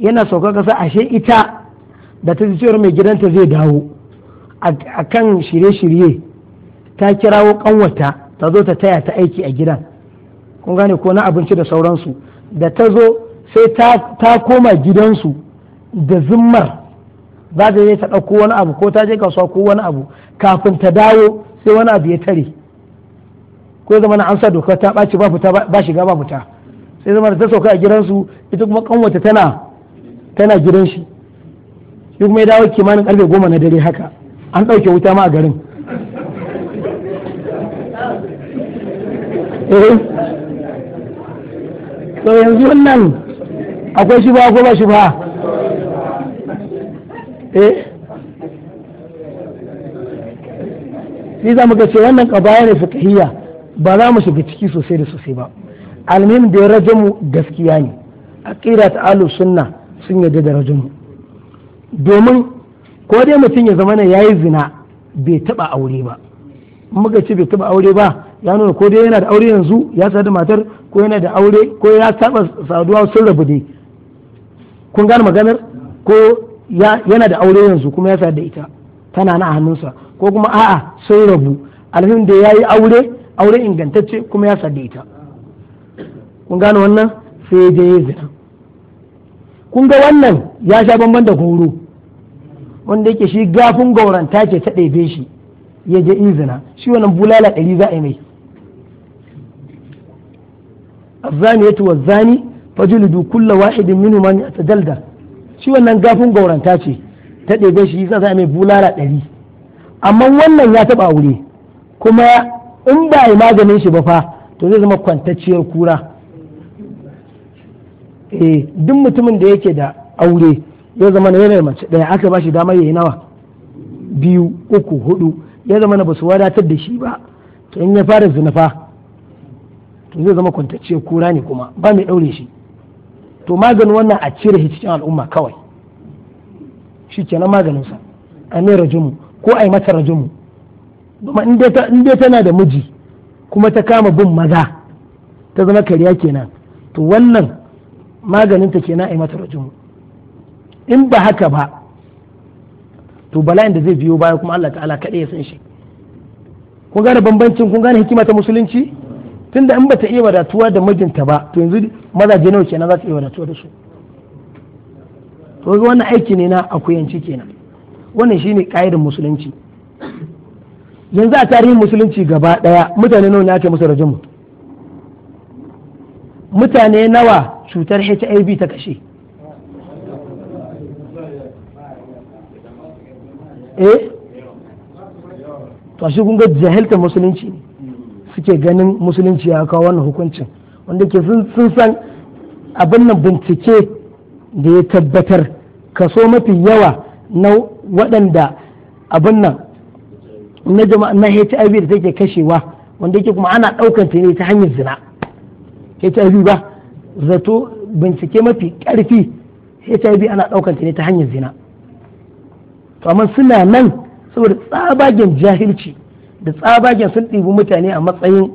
Speaker 1: yana sauka kasa ashe ita da ta cewar mai gidanta zai dawo a kan shirye-shirye ta kirawo kanwata ta zo ta taya ta aiki a gidan kun gane ko na abinci da sauransu da ta zo sai ta koma gidansu da zimmar za ta je ta ɗauko wani abu ko ta je kasuwa ko wani abu kafin ta dawo sai wani abu ya tare ko zama na amsa doka ta ɓaci ba shiga ba fita sai zama da ta sauka a gidansu ita kuma kanwata tana tana gidan shi shi kuma ya dawo kimanin karfe goma na dare haka an ɗauke wuta ma a garin
Speaker 2: eh. to yanzu wannan
Speaker 1: akwai shi ba ko ba shi ba eh za mu ga ce wannan kabaya ne fikahiyya ba za mu shiga ciki sosai da sosai ba almin da ya rajamu gaskiya ne A ƙira ta alu sunna sun yarda da domin ko dai mutum ya zama ya yi zina bai taba aure ba muka ce bai taba aure ba ya nuna ko dai yana da aure yanzu ya sa da matar ko yana da aure ko ya saba saduwa sun rabu dai kun gane maganar ko yana da aure yanzu kuma ya sa da ita tana na a hannunsa ko kuma a'a sun rabu alhamdulillah da ya yi aure aure ingantacce kuma ya sa da ita kun gane wannan sai dai zina kun ga wannan ya sha bamban da horo wanda yake shi gafin gauranta ce ta ɗebe shi ya je izina shi wannan bulala ɗari za a yi mai الزانية والزاني فجلدوا كل واحد منهما مئة جلدة shi wannan gafin gauranta ce ta ɗebe shi yasa yi mai bulala ɗari amma wannan ya taɓa aure kuma in ba a yi maganin shi ba fa to zai zama kwantacciyar kura eh duk mutumin da yake da aure ya zama na yana mace ɗaya aka ba shi damar yayi nawa biyu uku hudu ya zama na basu wadatar da shi ba to in ya fara zinafa to zai zama kwantacce kura ne kuma ba mai ɗaure shi to maganin wannan a cire shi cikin al'umma kawai shi kenan maganinsa a ne rajumu ko a yi mata rajumu domin in dai tana da miji kuma ta kama bin maza ta zama kariya kenan to wannan maganin ta ke a mata rajumu in ba haka ba to bala'in da zai biyo baya kuma Allah ta'ala kaɗai ya san shi kun gane bambancin kun gane hikima ta musulunci tunda in bata iya wadatuwa da mijinta ba to yanzu mazaje nawa kenan za su iya wadatuwa da su to wannan aiki ne na akuyanci kenan wannan shine ka'idar musulunci yanzu a tarihin musulunci gaba daya mutane nawa ne ake musu rajumu mutane nawa cutar hiv ta kashe eh to shi kun ga jahilta musulunci ne suke ganin musulunci ya kawo wannan hukuncin wanda ke sun san abin nan bincike da ya tabbatar kaso mafi yawa na waɗanda abin nan na jama'a na HIV da take kashewa wanda yake kuma ana ɗaukanta ne ta hanyar zina HIV ba zato bincike mafi ƙarfi hiv ana ɗaukanta ne ta hanyar zina to amma suna nan saboda tsabagen jahilci da tsabagen sun ɗibi mutane a matsayin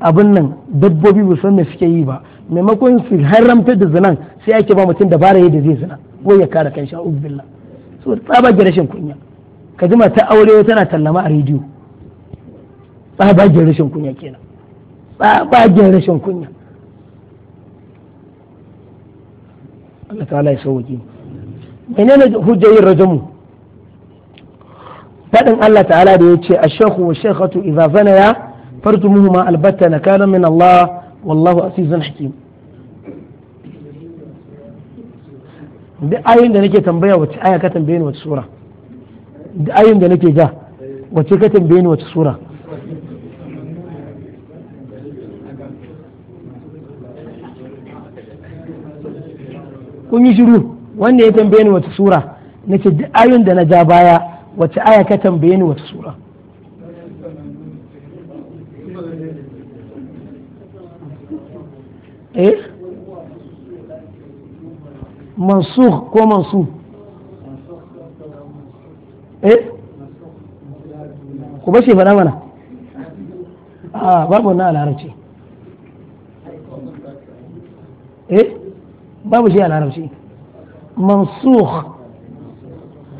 Speaker 1: abin nan dabbobi ba san me suke yi ba maimakon su haramta da zinan sai ake ba mutum dabara yadda zai zina wai ya kare kan sha'u billah saboda tsabagen rashin kunya ka jima ta aure tana tallama a rediyo tsabagen rashin kunya kenan tsabagen rashin kunya Allah ta'ala ya sauke menene hujjar rajamu fadin Allah ta'ala da yace ash-shaykhu wa shaykhatu idza zanaya fartumuhuma albatta nakala min Allah wallahu azizun hakim duk ayoyin da nake tambaya wace aya ka tambaye ni wace sura duk ayin da nake ja wace ka tambaye ni wace sura kun yi shiru wanda ya tambaye ni wata sura nace duk ayun da na ja baya wace aya ka tambaye ni wata sura eh mansukh ko mansu
Speaker 2: eh ku bashi faɗa mana ah, a babu
Speaker 1: na larabci eh babu shi a larabci mansukh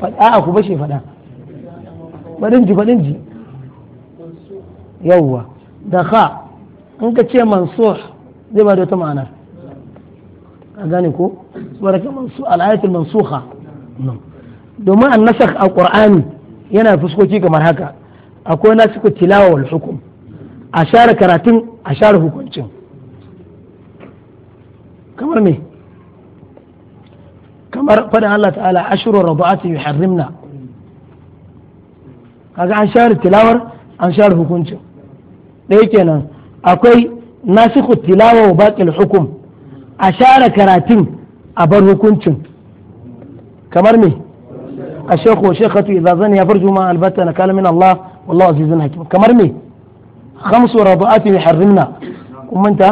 Speaker 1: a'a ku bashi faɗa faɗin ji faɗin ji yawwa da kha in ka ce mansukh zai ba da wata ma'anar a gane ko saboda ka al'ayatul mansukha domin an nasakh a qur'ani yana fuskoki kamar haka akwai nasikul tilawa wal hukum a share karatun a share hukuncin kamar me kamar faɗin Allah ta'ala ashirin rabu'ati yuharrimna kaga an share tilawar an share hukuncin da yake nan akwai nasikhu tilawa wa baqil hukum a share karatun a bar hukuncin kamar me a shekho shekhatu idza zani ya farju ma albatta na kalamin Allah wallahu azizun hakim kamar me khamsu rabu'ati yuharrimna kun manta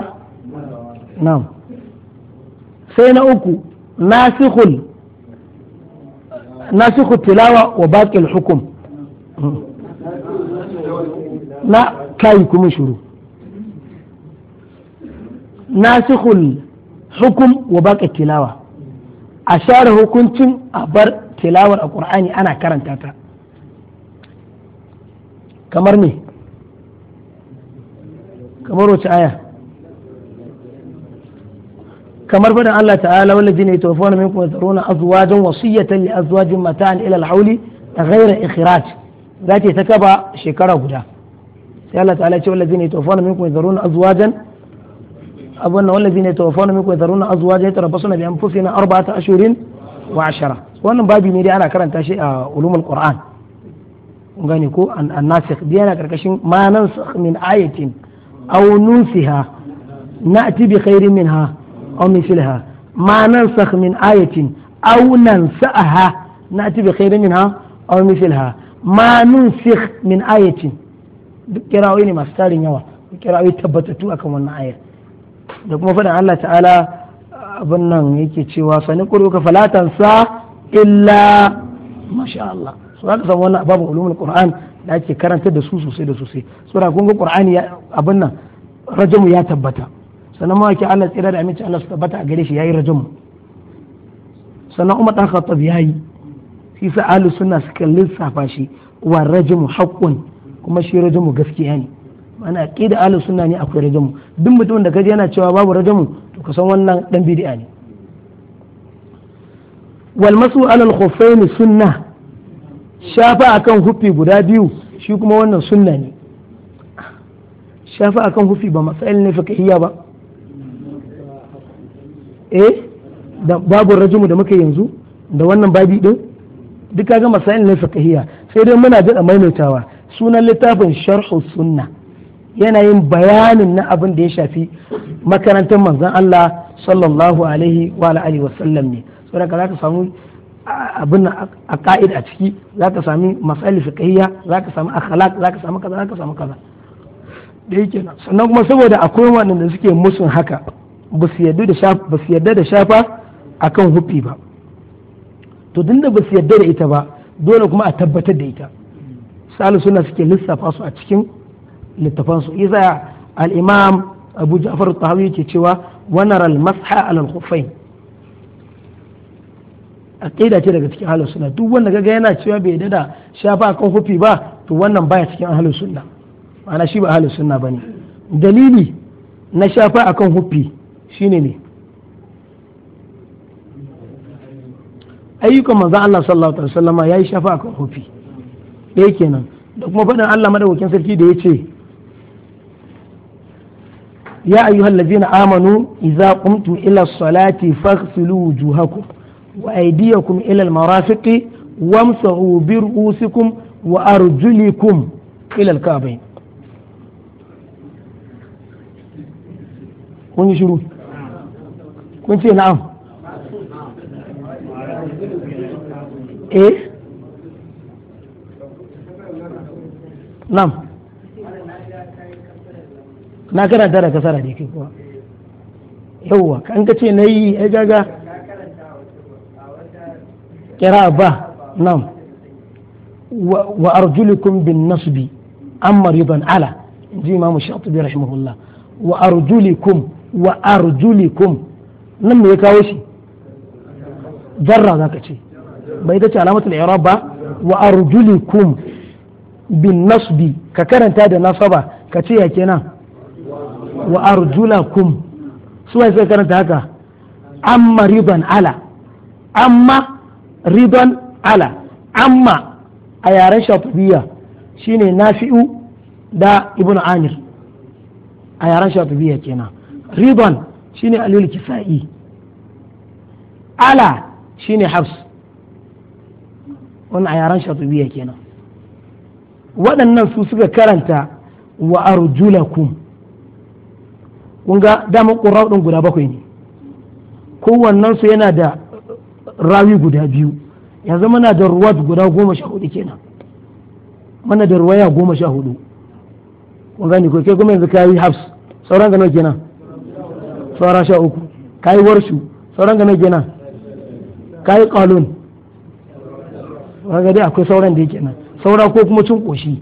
Speaker 1: na'am sai na uku nasikhul nasikhul tilawa wa baqil hukum na kai kuma shuru nasikhul hukum wa baqil tilawa a share hukuncin a bar tilawar a ƙur'ani ana karanta ta kamar me kamar aya kamar faɗin Allah ta'ala wani wallazi ne tawaffawna minkum yasruna azwajan wasiyatan li azwajin mata'an ila al-hawli ghayra ikhraj zata ta kaba shekara guda sai Allah ta'ala ce wani wani wani na wallazi ne tawaffawna minkum yasruna azwajan abun wallazi ne tawaffawna minkum yasruna azwajan yatarabbasuna na arba ta ashirin wa ashara wannan babi ne dai ana karanta shi a ulumul qur'an gani ko an-nasikh dai yana karkashin ma nansakh min ayatin aw nunsiha na'ti bi khairin minha aw mithliha ma nansakh min ayatin aw nansaha na'ti bi khairin minha aw mithliha ma nunsikh min ayatin duk kira'o'i ne masu tarin yawa kira'o'i tabbatattu akan wannan ayar da kuma faɗin Allah ta'ala abin nan yake cewa sani ka falatan illa masha Allah so za ka samu wannan babu ulumul qur'an da ake karantar da su sosai da sosai sura kun ga qur'ani abin nan rajamu ya tabbata sannan ke Allah tsira da aminci Allah su tabbata a gare shi yayi rajum sannan Umar dan Khattab yayi shi sa ahlu sunna suka lissafa shi wa rajum haqqun kuma shi rajum gaskiya ne ma'ana aqida ahlu sunna ne akwai rajum duk mutumin da kaje yana cewa babu rajum to ka san wannan dan bid'a ne wal masu alal khuffain sunna shafa akan hufi guda biyu shi kuma wannan sunna ne shafa akan hufi ba matsayin ne fiqhiyya ba eh da babu rajumu da muka yanzu da wannan babi din duk kaga masail na fiqhiyya sai dai muna da maimaitawa sunan littafin sharhu sunna yana yin bayanin na abin da ya shafi makarantar manzon Allah sallallahu alaihi wa alihi wa sallam ne saboda ka zaka samu abin a ka'id a ciki zaka sami masail fiqhiyya zaka sami akhlaq zaka sami kaza zaka sami kaza da yake sannan kuma saboda akwai waɗanda suke musun haka ba su yarda da shafa a kan huffi ba to da ba su yarda da ita ba dole kuma a tabbatar da ita salu suna suke lissafa su a cikin littafansu isa al'imam imam abu ja'far tahawi yake cewa wanar al-masha ala al-khuffain aqida ce daga cikin ahlus sunna duk wanda kaga yana cewa bai yarda da shafa kan hufi ba to wannan baya cikin ahlus sunna ma'ana shi ba ahlus sunna bane dalili na shafa akan hufi shine ne ayyukan manzo Allah sallallahu alaihi wasallam ya yi shafa kan hufi da kenan da kuma faɗin Allah madaukakin sarki da ya ce ya ayyuhal ladina amanu idza qumtum ila salati faghsilu wujuhakum wa aydiyakum ila almarafiqi wamsahu bi ru'usikum wa arjulikum ila alkabain kun yi shiru يكون فيه نعم ايه نعم ما كرا دارا كسارا دي كيف هو كان كتير ني اجاجا كرا با نعم وارجلكم بالنصب امر يضن على جي امام الشاطبي رحمه الله وارجلكم وارجلكم nan me ya kawo shi zarra ka ce bai ta ce alamatul i'rab ba wa arjulukum bin nasbi ka karanta da nasaba ka ce ya kenan wa arjulakum su wai sai karanta haka amma riban ala amma riban ala amma a yaren shatubiya shine nafi'u da ibnu amir a yaren shatubiya kenan riban ne alul kisa'i ala shi ne hafs wannan a yaran shatubiya kenan waɗannan su suka karanta wa arjulakum kun ga damar ƙurau ɗin guda bakwai ne Kowannan su yana da rawi guda biyu yanzu muna da ruwa guda goma sha hudu kenan mana da ruwa ya goma sha hudu kun gani ko kai kuma yanzu kayi hafs sauran ga nawa kenan sauran sha uku kayi warshu sauran ga gina kayi kalun ga dai akwai sauran da yake nan saura ko kuma cin koshi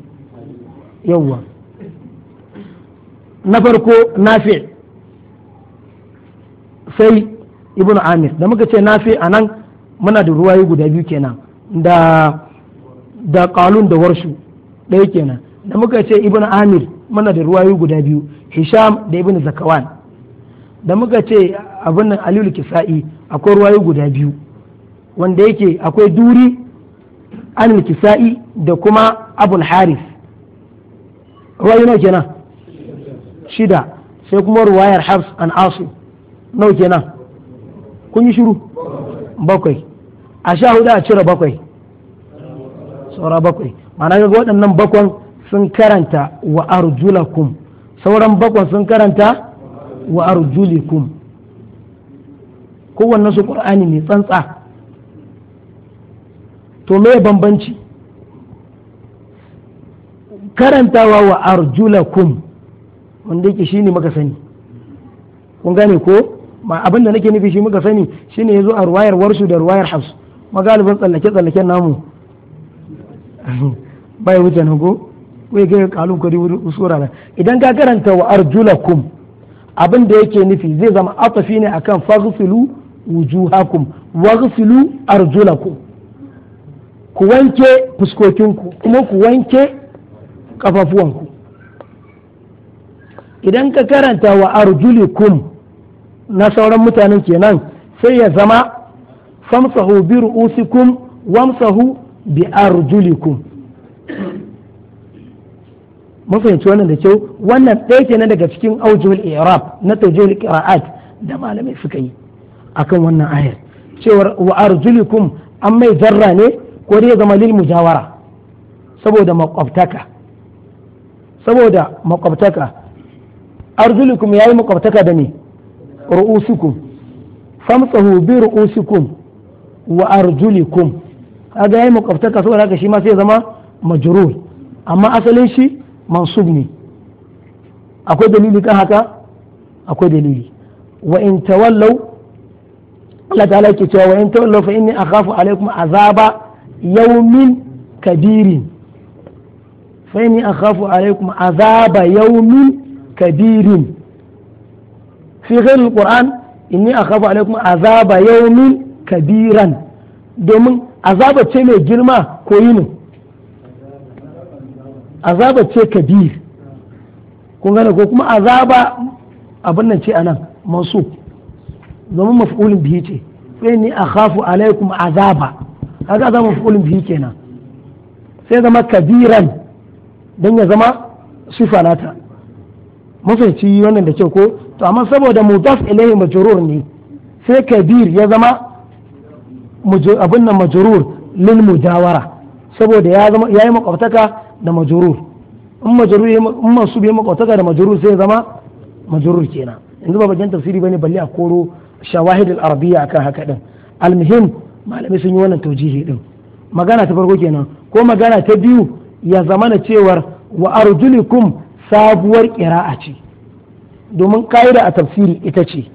Speaker 1: yawwa na farko nafi sai ibn amir da muka ce nafi a nan muna da ruwayi guda biyu kenan da da kalun da warshu ɗaya kenan da muka ce ibn amir muna da ruwayi guda biyu hisham da ibn zakawan da muka ce abin nan aliyu kisa'i akwai ruwayo guda biyu wanda yake akwai duri an kisa'i da kuma abul haris ruwayo nawa kenan shida sai kuma ruwayar hafs an asu nawa kenan kun yi shiru bakwai a sha hudu a cire bakwai saura bakwai ma'ana ga waɗannan bakwan sun karanta wa arjulakum sauran bakwan sun karanta wa arjulikum kowanne su qur'ani ne tsantsa to me bambanci karantawa wa arjulakum wanda yake shine muka sani kun gane ko ma abinda nake nufi shi muka sani shine yazo a ruwayar warshu da ruwayar hafsu magalibin tsallake tsallaken namu bai wuce nan ko kai ga kalun wuri usura idan ka karanta wa arjulakum abin da yake nufi zai zama atafi ne akan faghsilu wujuhakum waghsilu arjulakum ku wanke fuskokinku kuma ku wanke kafafuwanku idan ka karanta wa arjulikum na sauran mutanen kenan sai ya zama famsahu bi ru'usikum wamsahu bi arjulikum mun fahimci wannan da kyau wannan ɗaya kenan daga cikin aujihul i'rab na tawjihul qira'at da malamai suka yi akan wannan ayar cewar wa arjulukum an mai zarra ne ko dai zama lil mujawara saboda makwabtaka saboda makwabtaka arjulukum yayi makwabtaka da ne ru'usukum famsahu bi ru'usikum wa arjulikum kaga yayi makwabtaka saboda haka shi ma sai zama majrur amma asalin shi mansub ne akwai dalili kan haka akwai dalili wa in tawallaw Allah ta'ala yake cewa wa in tawallaw fa inni akhafu alaikum azaba yawmin kabirin fa inni akhafu alaikum azaba yawmin kabirin fi ghayr alquran inni akhafu alaikum azaba yawmin kabiran domin azaba ce mai girma ko yinin azaba ce kabir kun gane ko kuma azaba abin nan ce anan masu zama maf'ulin bihi ce sai ni a khafu alaikum azaba kaga azaba maf'ulin bihi kenan sai zama kabiran dan ya zama sifa nata mafici wannan da ke ko to amma saboda mudaf ilayhi majrur ne sai kabir ya zama abin nan majrur lil mujawara saboda ya zama yayi makwabtaka da majurur in majurur in mansub ya makwataka da majurur sai zama majurur kenan yanzu ba bakin tafsiri bane balle a koro shawahid al-arabiyya akan haka din almuhim malamai sun yi wannan tawjihi din magana ta farko kenan ko magana ta biyu ya zamana cewar wa arjulikum sabuwar qira'a ce domin ka'ida a tafsiri ita ce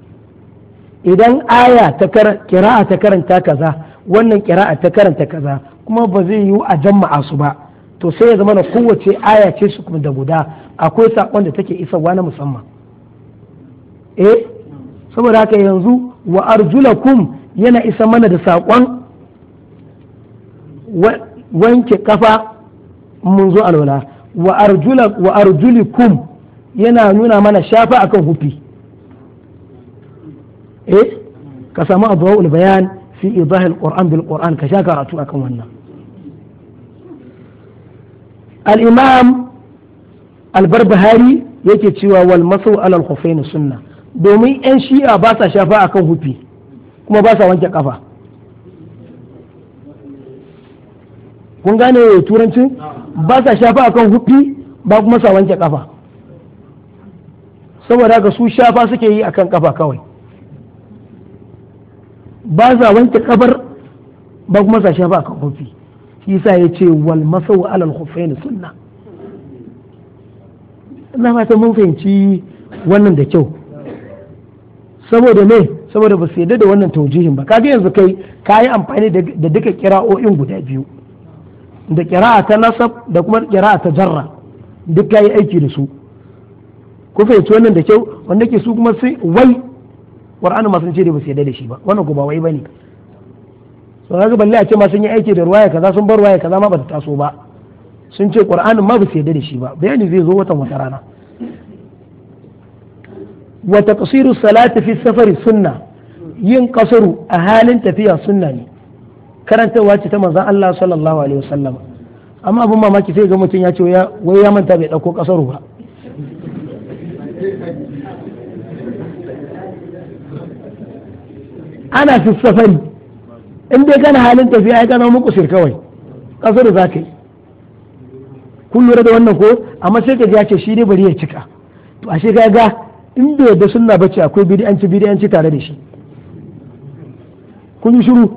Speaker 1: idan aya ta kira'a ta karanta kaza wannan kira'a ta karanta kaza kuma ba zai yiwu a jama'a su ba to sai ya zama na kowace aya ce su da guda akwai sakon da take isarwa na musamman eh saboda haka yanzu wa arjulakum yana isa mana da saƙon wanke kafa mun zo alwala wa arjula wa arjulikum yana nuna mana shafa akan hufi eh ka samu abu bayan fi idahil qur'an bil qur'an ka sha karatu akan wannan al’imam albarbahari yake cewa wal maso alal hufaini sunna domin 'yan shi'a ba sa shafa akan hufi kuma ba sa wanke kafa kun gane turanci ba sa shafa akan hufi ba kuma sa wanke kafa saboda ga su shafa suke yi akan kafa kawai ba sa wanke kafar ba kuma sa shafa akan hufi shi yasa ya ce wal masau alal khuffaini sunna ina fata mun fahimci wannan da kyau saboda me saboda ba su yadda da wannan taujihin ba kaga yanzu kai ka amfani da duka kira'o'in guda biyu da kira'a ta nasab da kuma kira'a ta jarra duk ka aiki da su ku fahimci wannan da kyau wanda ke su kuma sai wai ƙurani masu ce da ba su yadda da shi ba wannan ko ba wai ba ne so ga balle a ce ma sun yi aiki da ruwaya kaza sun bar ruwaya kaza ma bata taso ba sun ce qur'anin ma ba su yarda da shi ba bayani zai zo watan wata rana wa taqsiru salati fi safari sunna yin qasaru a halin tafiya sunna ne karantarwa ce ta manzon Allah sallallahu alaihi wasallam amma abin mamaki sai ga mutum ya ce wai ya manta bai dauko qasaru ba ana fi safari in dai kana halin tafiya ya kana muku sir kawai kasar za ka yi kun lura da wannan ko amma sai ka ya ce shi ne bari ya cika to ashe ka ga in bai yadda sunna bace akwai bid'anci bid'anci tare da shi kun yi shiru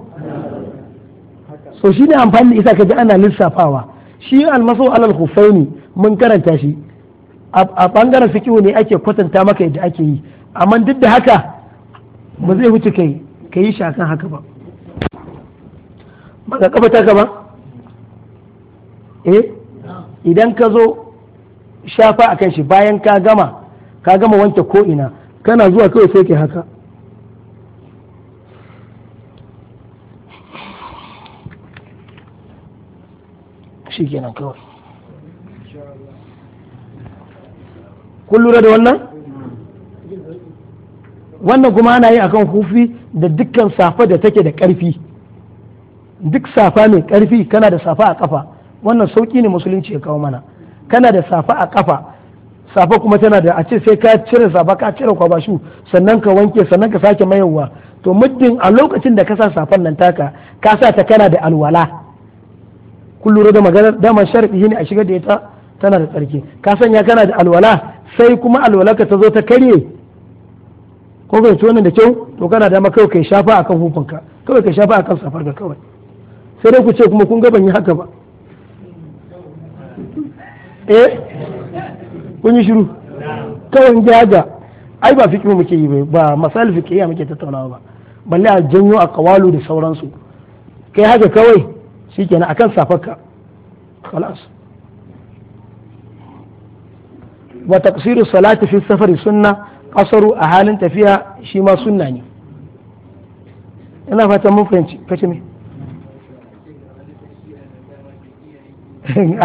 Speaker 1: so shi ne amfani da isa ka ji ana lissafawa shi almasu alal ne mun karanta shi a bangaren fiqh ne ake kwatanta maka yadda ake yi amma duk da haka ba zai wuce kai ka yi shi akan haka ba ba ka kafa taka ba eh idan ka zo shafa a kan shi bayan ka gama ka gama wanke ko kana zuwa kawai sai ke haka shi kenan kawai kun lura da wannan wannan kuma ana yi akan hufi da dukkan safa da take da ƙarfi duk safa mai ƙarfi kana da safa a kafa wannan sauki ne musulunci ya kawo mana kana da safa a kafa safa kuma tana da a ce sai ka cire safa ka cire kwabashu sannan ka wanke sannan ka sake mayarwa to muddin a lokacin da ka sa safan nan taka ka sa ta kana da alwala kun lura da maganar dama sharadi ne a shigar da ita tana da tsarki ka sanya kana da alwala sai kuma alwalarka ta zo ta karye ko ka wannan da kyau to kana da makau kai shafa akan hukunka kawai ka shafa akan safar ka kawai sai dai ku ce kuma kun ga ban yi haka ba eh kun yi shiru kawai jaga ai ba fikihu muke yi ba masal fikihiya muke tattaunawa ba balle a janyo a kawalu da sauransu kai haka kawai shikenan akan safarka fi safari sunna في a halin tafiya shi ma sunna ne. ina fatan mun fahimci kace me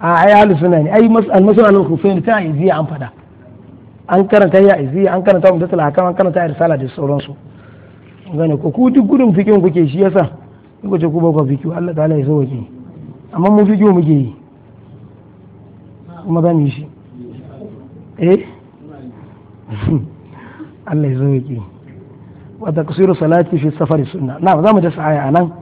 Speaker 1: a ai ahlus sunna ne ai al-masal al-khufayn ta iziya an fada an karanta ya iziya an karanta umdatul hakam an karanta risala da sauransu gane ko ku duk gudun fikin kuke shi yasa ku ce ku ba ku fikiyo Allah ta'ala ya sauke amma mu fikiyo muke yi kuma za mu yi shi eh Allah ya sauke wa taqsiru salati fi safari sunna na za mu dasa aya anan